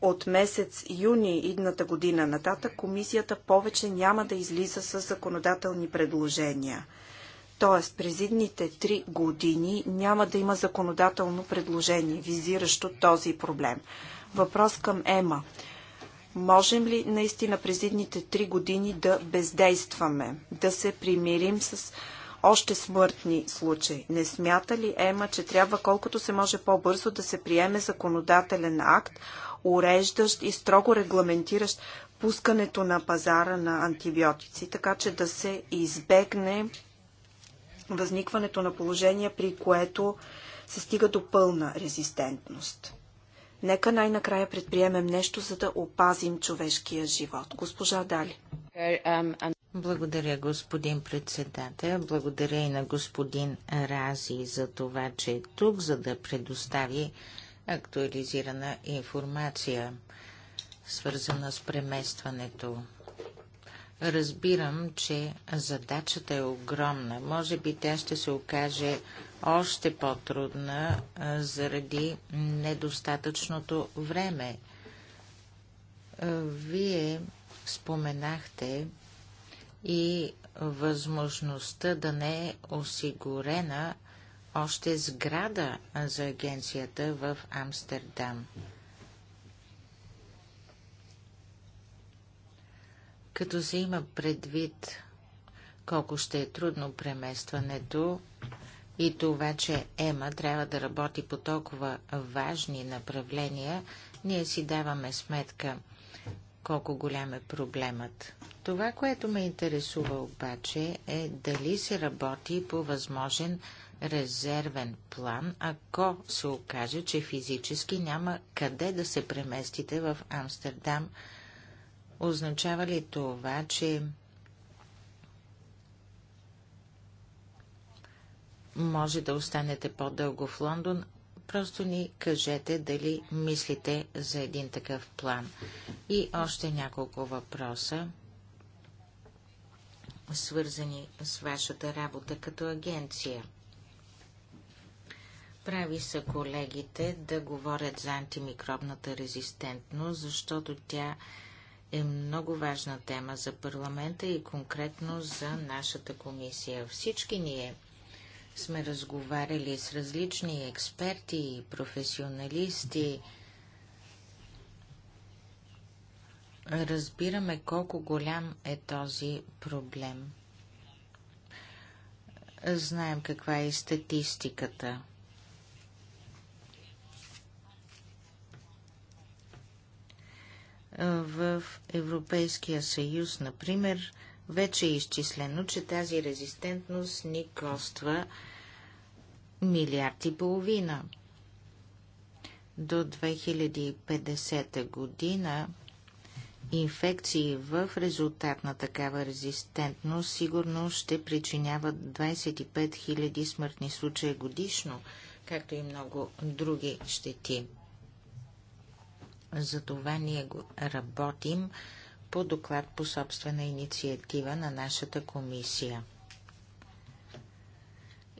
от месец юни идната година нататък комисията повече няма да излиза с законодателни предложения. Тоест, през идните три години няма да има законодателно предложение, визиращо този проблем. Въпрос към Ема. Можем ли наистина през идните три години да бездействаме, да се примирим с още смъртни случаи? Не смята ли Ема, че трябва колкото се може по-бързо да се приеме законодателен акт, уреждащ и строго регламентиращ пускането на пазара на антибиотици, така че да се избегне възникването на положение, при което се стига до пълна резистентност. Нека най-накрая предприемем нещо, за да опазим човешкия живот. Госпожа Дали. Благодаря, господин председател. Благодаря и на господин Рази за това, че е тук, за да предостави актуализирана информация, свързана с преместването. Разбирам, че задачата е огромна. Може би тя ще се окаже още по-трудна заради недостатъчното време. Вие споменахте и възможността да не е осигурена още сграда за агенцията в Амстердам. Като се има предвид колко ще е трудно преместването и това, че Ема трябва да работи по толкова важни направления, ние си даваме сметка колко голям е проблемът. Това, което ме интересува обаче е дали се работи по възможен резервен план, ако се окаже, че физически няма къде да се преместите в Амстердам. Означава ли това, че може да останете по-дълго в Лондон, Просто ни кажете дали мислите за един такъв план. И още няколко въпроса, свързани с вашата работа като агенция. Прави са колегите да говорят за антимикробната резистентност, защото тя е много важна тема за парламента и конкретно за нашата комисия. Всички ние сме разговаряли с различни експерти и професионалисти. Разбираме колко голям е този проблем. Знаем каква е статистиката. В Европейския съюз, например, вече е изчислено, че тази резистентност ни коства милиард и половина. До 2050 година инфекции в резултат на такава резистентност сигурно ще причиняват 25 000 смъртни случаи годишно, както и много други щети. Затова ние го работим по доклад по собствена инициатива на нашата комисия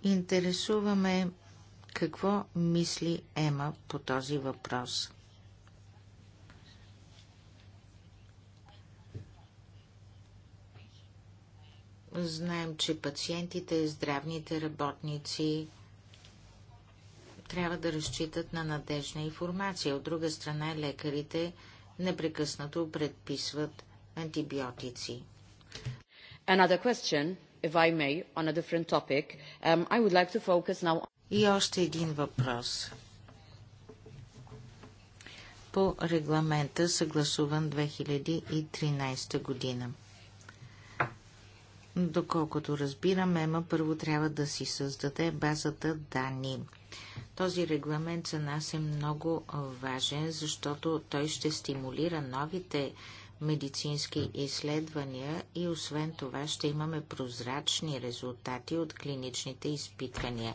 интересуваме какво мисли Ема по този въпрос. Знаем, че пациентите, здравните работници трябва да разчитат на надежна информация. От друга страна, лекарите непрекъснато предписват антибиотици. Another question if I may, on a different topic. Um, I would like to focus now on... И още един въпрос. По регламента, съгласуван 2013 година. Доколкото разбирам, ЕМА първо трябва да си създаде базата данни. Този регламент за нас е много важен, защото той ще стимулира новите медицински изследвания и освен това ще имаме прозрачни резултати от клиничните изпитвания.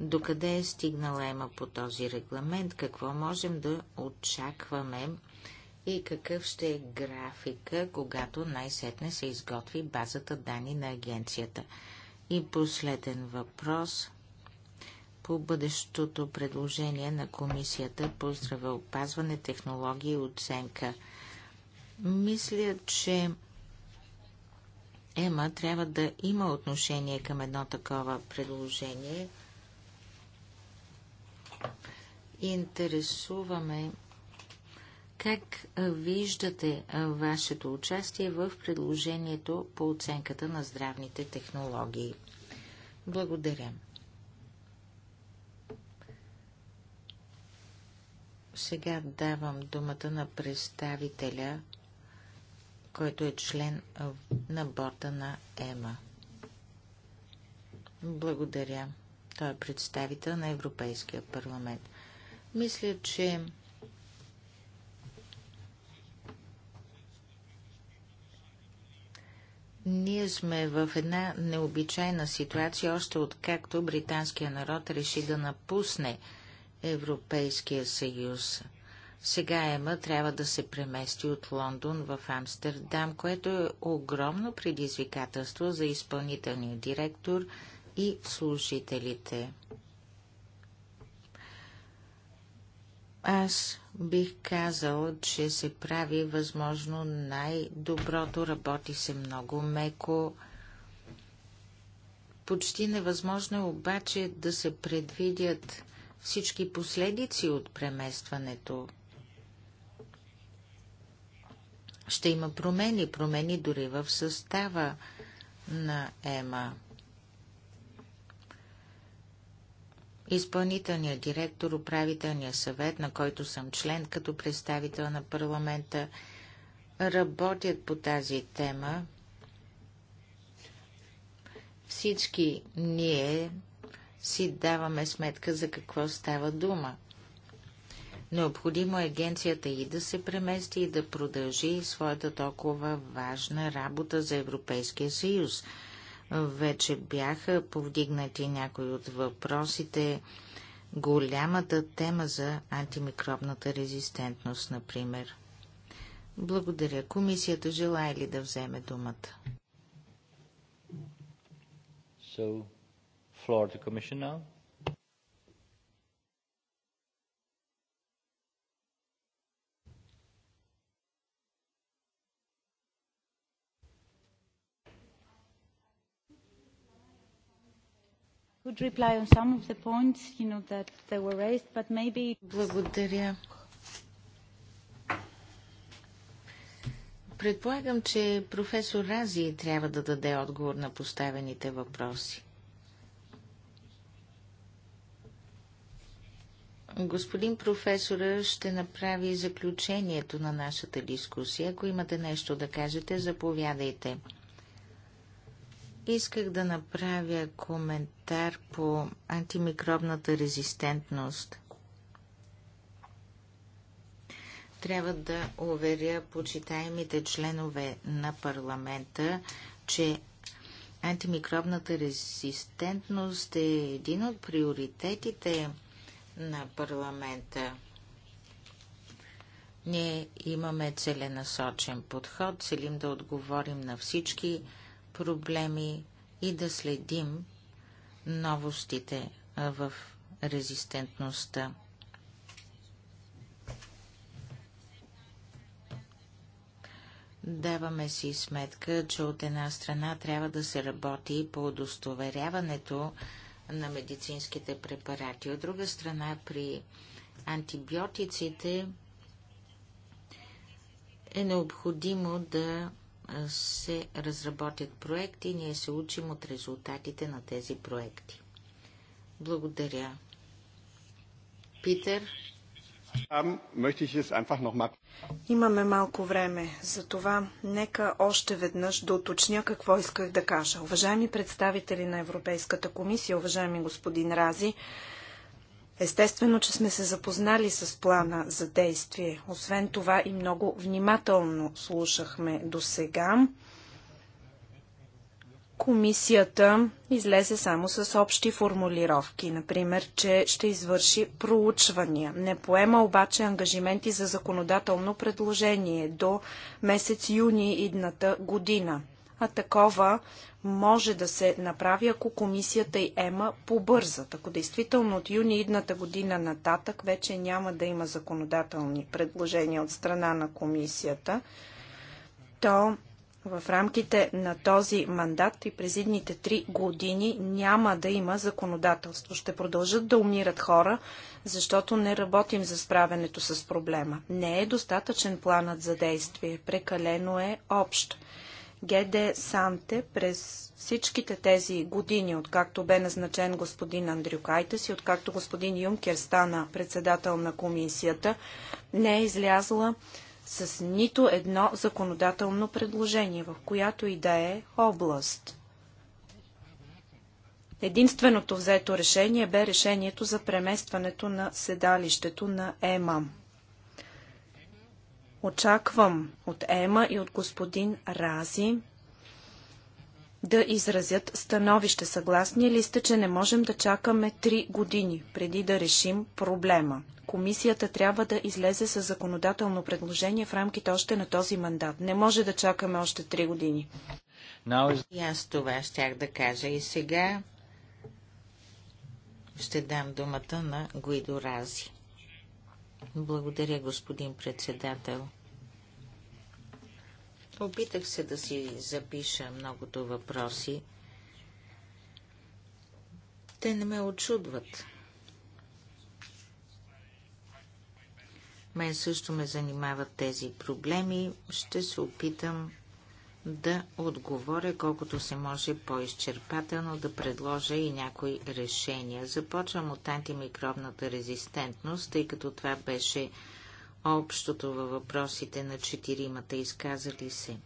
Докъде е стигнала ЕМА по този регламент, какво можем да очакваме и какъв ще е графика, когато най-сетне се изготви базата данни на агенцията. И последен въпрос по бъдещото предложение на Комисията по здравеопазване, технологии и оценка – мисля, че Ема трябва да има отношение към едно такова предложение. Интересуваме как виждате вашето участие в предложението по оценката на здравните технологии. Благодаря. Сега давам думата на представителя който е член на борта на ЕМА. Благодаря. Той е представител на Европейския парламент. Мисля, че Ние сме в една необичайна ситуация, още откакто британския народ реши да напусне Европейския съюз. Сега Ема трябва да се премести от Лондон в Амстердам, което е огромно предизвикателство за изпълнителния директор и служителите. Аз бих казал, че се прави възможно най-доброто, работи се много меко. Почти невъзможно е обаче да се предвидят всички последици от преместването ще има промени, промени дори в състава на ЕМА. Изпълнителният директор, управителният съвет, на който съм член като представител на парламента, работят по тази тема. Всички ние си даваме сметка за какво става дума – Необходимо е агенцията и да се премести и да продължи своята толкова важна работа за Европейския съюз. Вече бяха повдигнати някои от въпросите. Голямата тема за антимикробната резистентност, например. Благодаря. Комисията желая ли да вземе думата? So, floor to commission now. Points, you know, raised, maybe... Благодаря. Предполагам, че професор Рази трябва да даде отговор на поставените въпроси. Господин професора ще направи заключението на нашата дискусия. Ако имате нещо да кажете, заповядайте. Исках да направя коментар по антимикробната резистентност. Трябва да уверя почитаемите членове на парламента, че антимикробната резистентност е един от приоритетите на парламента. Ние имаме целенасочен подход, целим да отговорим на всички проблеми и да следим новостите в резистентността. Даваме си сметка, че от една страна трябва да се работи по удостоверяването на медицинските препарати. От друга страна, при антибиотиците е необходимо да се разработят проекти, ние се учим от резултатите на тези проекти. Благодаря. Питер? Имаме малко време, затова. нека още веднъж да уточня какво исках да кажа. Уважаеми представители на Европейската комисия, уважаеми господин Рази, Естествено, че сме се запознали с плана за действие. Освен това и много внимателно слушахме до сега. Комисията излезе само с общи формулировки, например, че ще извърши проучвания. Не поема обаче ангажименти за законодателно предложение до месец юни идната година. А такова може да се направи, ако комисията и ЕМА побързат. Ако действително от юни идната година нататък вече няма да има законодателни предложения от страна на комисията, то в рамките на този мандат и през идните три години няма да има законодателство. Ще продължат да умират хора, защото не работим за справянето с проблема. Не е достатъчен планът за действие, прекалено е общ. ГД Санте през всичките тези години, откакто бе назначен господин Андрюкайтес и откакто господин Юнкер стана председател на комисията, не е излязла с нито едно законодателно предложение, в която и да е област. Единственото взето решение бе решението за преместването на седалището на ЕМАМ. Очаквам от Ема и от господин Рази да изразят становище. Съгласни ли сте, че не можем да чакаме три години преди да решим проблема? Комисията трябва да излезе с законодателно предложение в рамките още на този мандат. Не може да чакаме още 3 години. И аз това щях да кажа и сега ще дам думата на Гуидо Рази. Благодаря, господин председател. Опитах се да си запиша многото въпроси. Те не ме очудват. Мен също ме занимават тези проблеми. Ще се опитам да отговоря колкото се може по-изчерпателно, да предложа и някои решения. Започвам от антимикробната резистентност, тъй като това беше общото във въпросите на четиримата изказали се.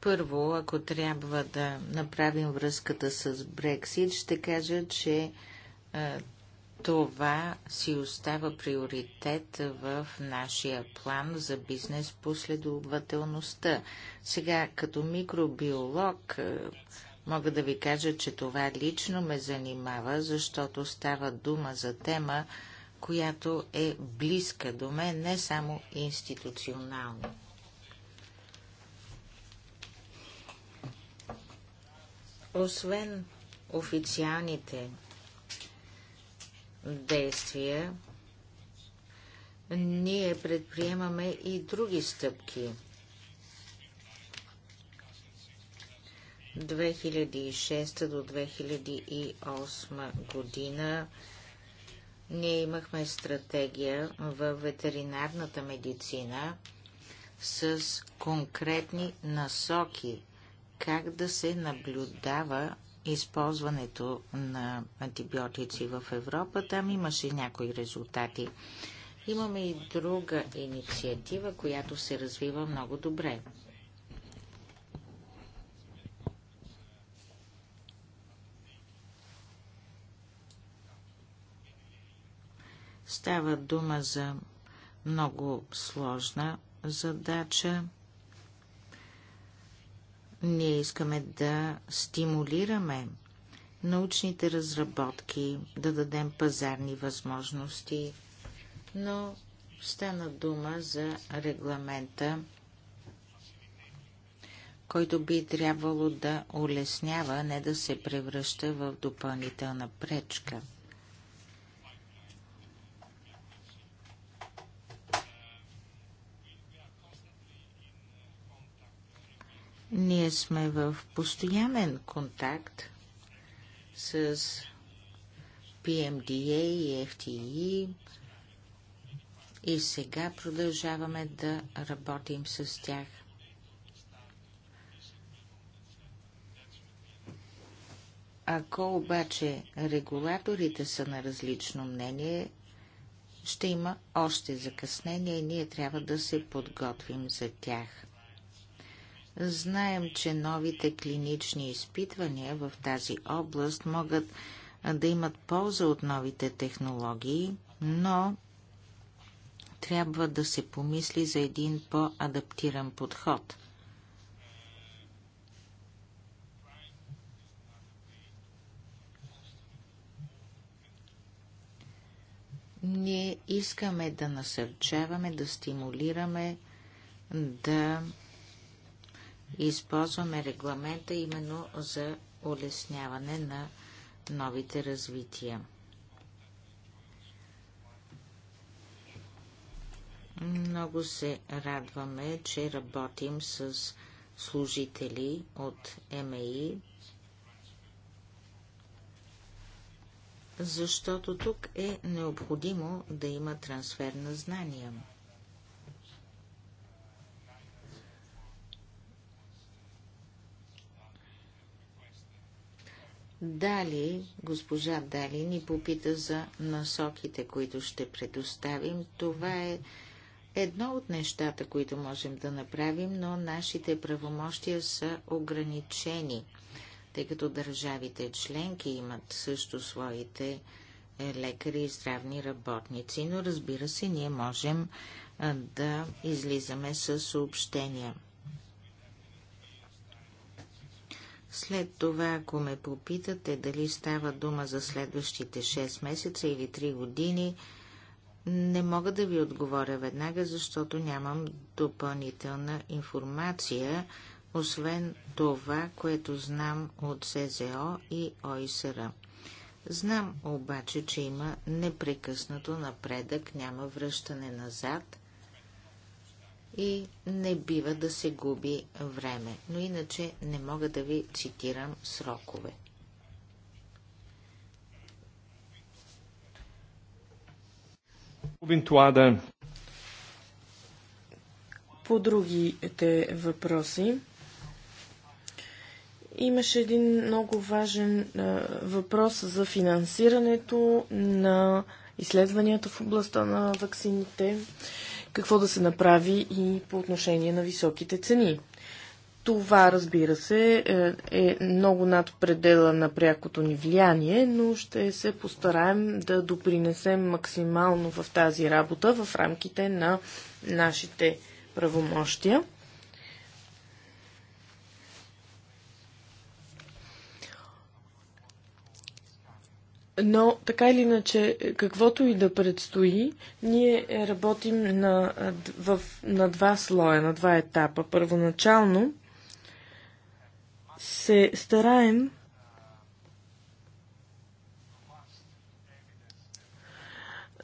Първо, ако трябва да направим връзката с Брексит, ще кажа, че това си остава приоритет в нашия план за бизнес последователността. Сега, като микробиолог, е, мога да ви кажа, че това лично ме занимава, защото става дума за тема, която е близка до мен, не само институционално. Освен официалните действия, ние предприемаме и други стъпки. 2006 до 2008 година ние имахме стратегия в ветеринарната медицина с конкретни насоки как да се наблюдава използването на антибиотици в Европа. Там имаше някои резултати. Имаме и друга инициатива, която се развива много добре. Става дума за много сложна задача. Ние искаме да стимулираме научните разработки, да дадем пазарни възможности, но стана дума за регламента, който би трябвало да улеснява, не да се превръща в допълнителна пречка – Ние сме в постоянен контакт с PMDA и FTE и сега продължаваме да работим с тях. Ако обаче регулаторите са на различно мнение, ще има още закъснение и ние трябва да се подготвим за тях. Знаем, че новите клинични изпитвания в тази област могат да имат полза от новите технологии, но трябва да се помисли за един по-адаптиран подход. Ние искаме да насърчаваме, да стимулираме, да използваме регламента именно за улесняване на новите развития. Много се радваме, че работим с служители от МАИ, защото тук е необходимо да има трансфер на знания. Дали, госпожа Дали ни попита за насоките, които ще предоставим. Това е едно от нещата, които можем да направим, но нашите правомощия са ограничени, тъй като държавите членки имат също своите лекари и здравни работници, но разбира се, ние можем да излизаме с съобщения. След това, ако ме попитате дали става дума за следващите 6 месеца или 3 години, не мога да ви отговоря веднага, защото нямам допълнителна информация, освен това, което знам от СЗО и ОИСР. Знам обаче, че има непрекъснато напредък, няма връщане назад – и не бива да се губи време, но иначе не мога да ви цитирам срокове. По другите въпроси имаше един много важен въпрос за финансирането на изследванията в областта на вакцините какво да се направи и по отношение на високите цени. Това, разбира се, е, е много над предела на прякото ни влияние, но ще се постараем да допринесем максимално в тази работа в рамките на нашите правомощия. Но така или иначе, каквото и да предстои, ние работим на, в, на два слоя, на два етапа. Първоначално се стараем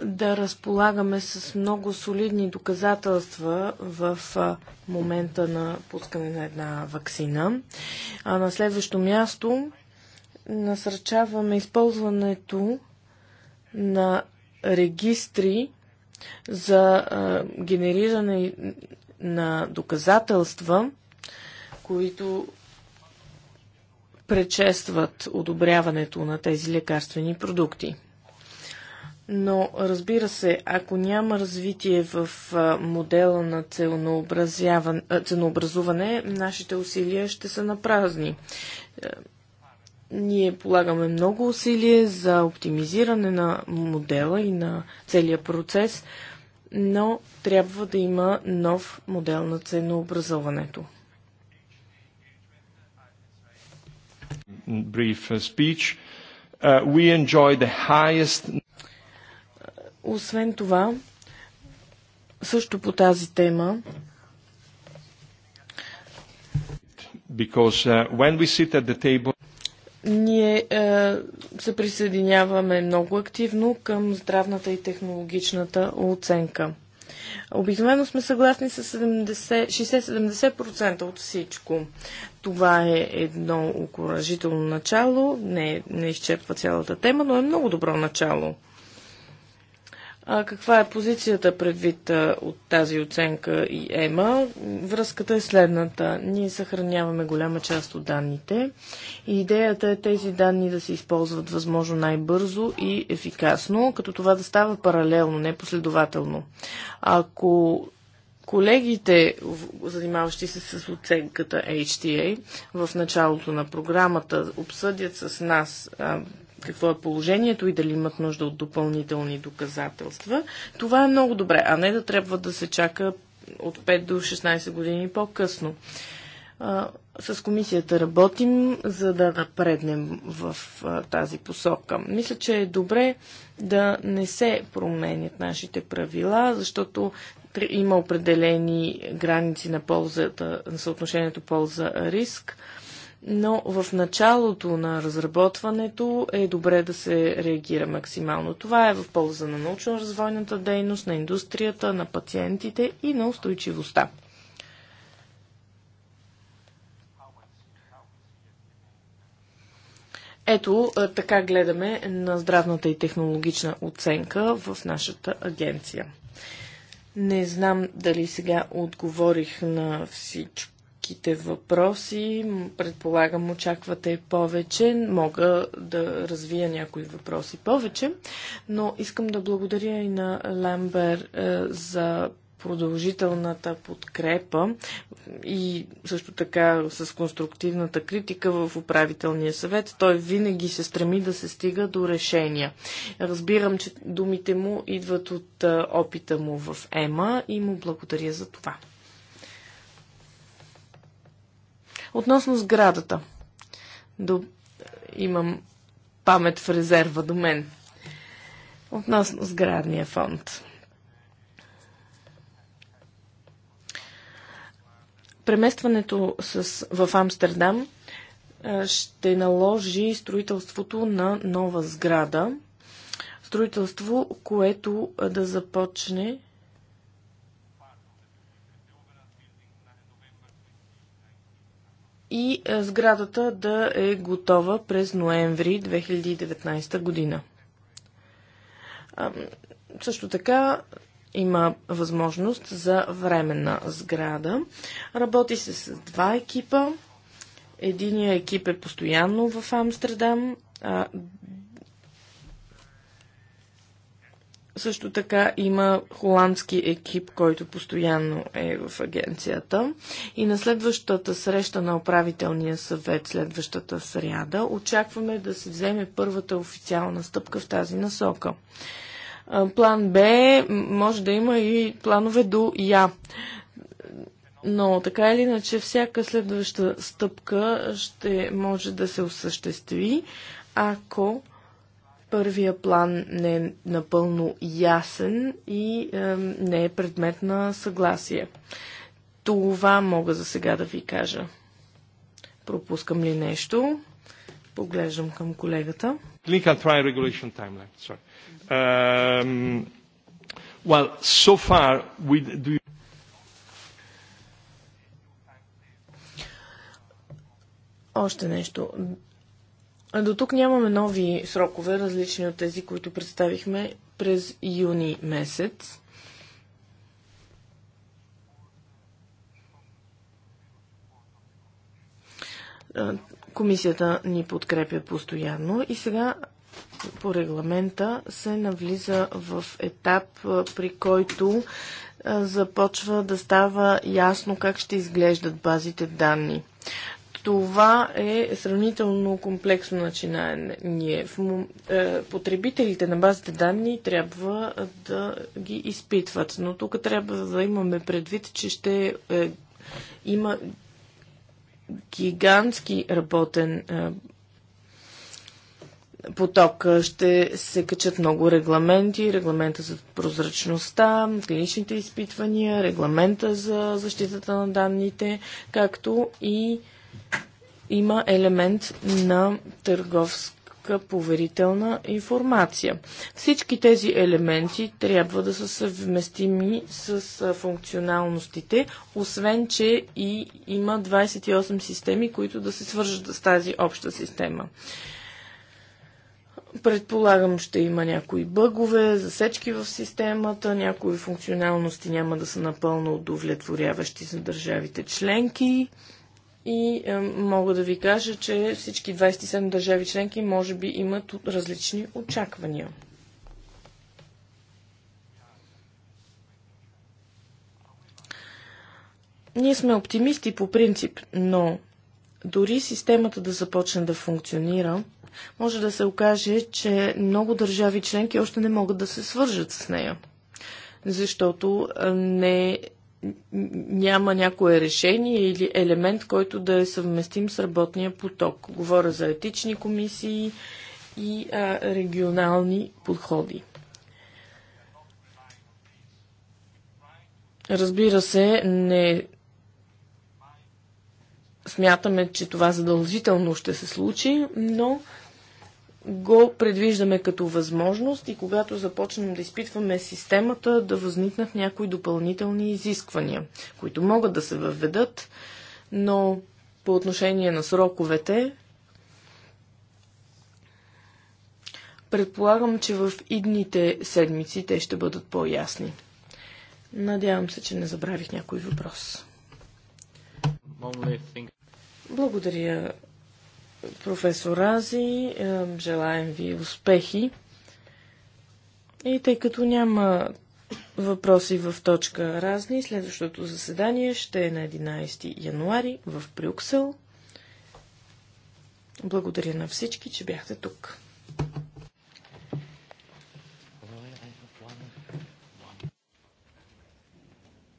да разполагаме с много солидни доказателства в момента на пускане на една вакцина. А на следващо място насърчаваме използването на регистри за а, генериране на доказателства, които пречестват одобряването на тези лекарствени продукти. Но разбира се, ако няма развитие в модела на ценообразуване, нашите усилия ще са напразни. Ние полагаме много усилие за оптимизиране на модела и на целия процес, но трябва да има нов модел на ценообразуването. brief uh, speech. Uh, we enjoy the highest... Освен това, също по тази тема, Because uh, when we sit at the table... Ние е, се присъединяваме много активно към здравната и технологичната оценка. Обикновено сме съгласни с 60-70% от всичко. Това е едно окоръжително начало, не, не изчерпва цялата тема, но е много добро начало. А, каква е позицията предвид а, от тази оценка и ЕМА? Връзката е следната. Ние съхраняваме голяма част от данните и идеята е тези данни да се използват възможно най-бързо и ефикасно, като това да става паралелно, не последователно. Ако колегите, занимаващи се с оценката HTA в началото на програмата, обсъдят с нас а, какво е положението и дали имат нужда от допълнителни доказателства. Това е много добре, а не да трябва да се чака от 5 до 16 години по-късно. С комисията работим, за да напреднем в тази посока. Мисля, че е добре да не се променят нашите правила, защото има определени граници на ползата, на съотношението полза-риск но в началото на разработването е добре да се реагира максимално. Това е в полза на научно-развойната дейност, на индустрията, на пациентите и на устойчивостта. Ето така гледаме на здравната и технологична оценка в нашата агенция. Не знам дали сега отговорих на всичко всичките въпроси. Предполагам, очаквате повече. Мога да развия някои въпроси повече, но искам да благодаря и на Лембер е, за продължителната подкрепа и също така с конструктивната критика в управителния съвет. Той винаги се стреми да се стига до решения. Разбирам, че думите му идват от е, опита му в ЕМА и му благодаря за това. Относно сградата. До... Имам памет в резерва до мен. Относно сградния фонд. Преместването с... в Амстердам ще наложи строителството на нова сграда. Строителство, което да започне и е, сградата да е готова през ноември 2019 година. Също така има възможност за временна сграда. Работи се с два екипа. Единият екип е постоянно в Амстердам, а Също така има холандски екип, който постоянно е в агенцията. И на следващата среща на управителния съвет, следващата сряда, очакваме да се вземе първата официална стъпка в тази насока. План Б може да има и планове до Я. Но така или иначе, всяка следваща стъпка ще може да се осъществи, ако Първия план не е напълно ясен и е, не е предмет на съгласие. Това мога за сега да ви кажа. Пропускам ли нещо? Поглеждам към колегата. Clinical trial regulation timeline. Sorry. Um, well, so far we do. Още нещо. До тук нямаме нови срокове, различни от тези, които представихме през юни месец. Комисията ни подкрепя постоянно и сега по регламента се навлиза в етап, при който започва да става ясно как ще изглеждат базите данни. Това е сравнително комплексно начинание. Е, потребителите на базите данни трябва да ги изпитват, но тук трябва да имаме предвид, че ще е, има гигантски работен е, поток. Ще се качат много регламенти, регламента за прозрачността, клиничните изпитвания, регламента за защитата на данните, както и има елемент на търговска поверителна информация. Всички тези елементи трябва да са съвместими с функционалностите, освен че и има 28 системи, които да се свържат с тази обща система. Предполагам, ще има някои бъгове, засечки в системата, някои функционалности няма да са напълно удовлетворяващи за държавите членки. И е, мога да ви кажа, че всички 27 държави членки може би имат различни очаквания. Ние сме оптимисти по принцип, но дори системата да започне да функционира, може да се окаже, че много държави членки още не могат да се свържат с нея, защото е, не няма някое решение или елемент, който да е съвместим с работния поток. Говоря за етични комисии и а, регионални подходи. Разбира се, не смятаме, че това задължително ще се случи, но го предвиждаме като възможност и когато започнем да изпитваме системата, да възникнат някои допълнителни изисквания, които могат да се въведат, но по отношение на сроковете, предполагам, че в идните седмици те ще бъдат по-ясни. Надявам се, че не забравих някой въпрос. Благодаря, професор Рази, е, Желаем ви успехи. И тъй като няма въпроси в точка разни, следващото заседание ще е на 11 януари в Брюксел. Благодаря на всички, че бяхте тук.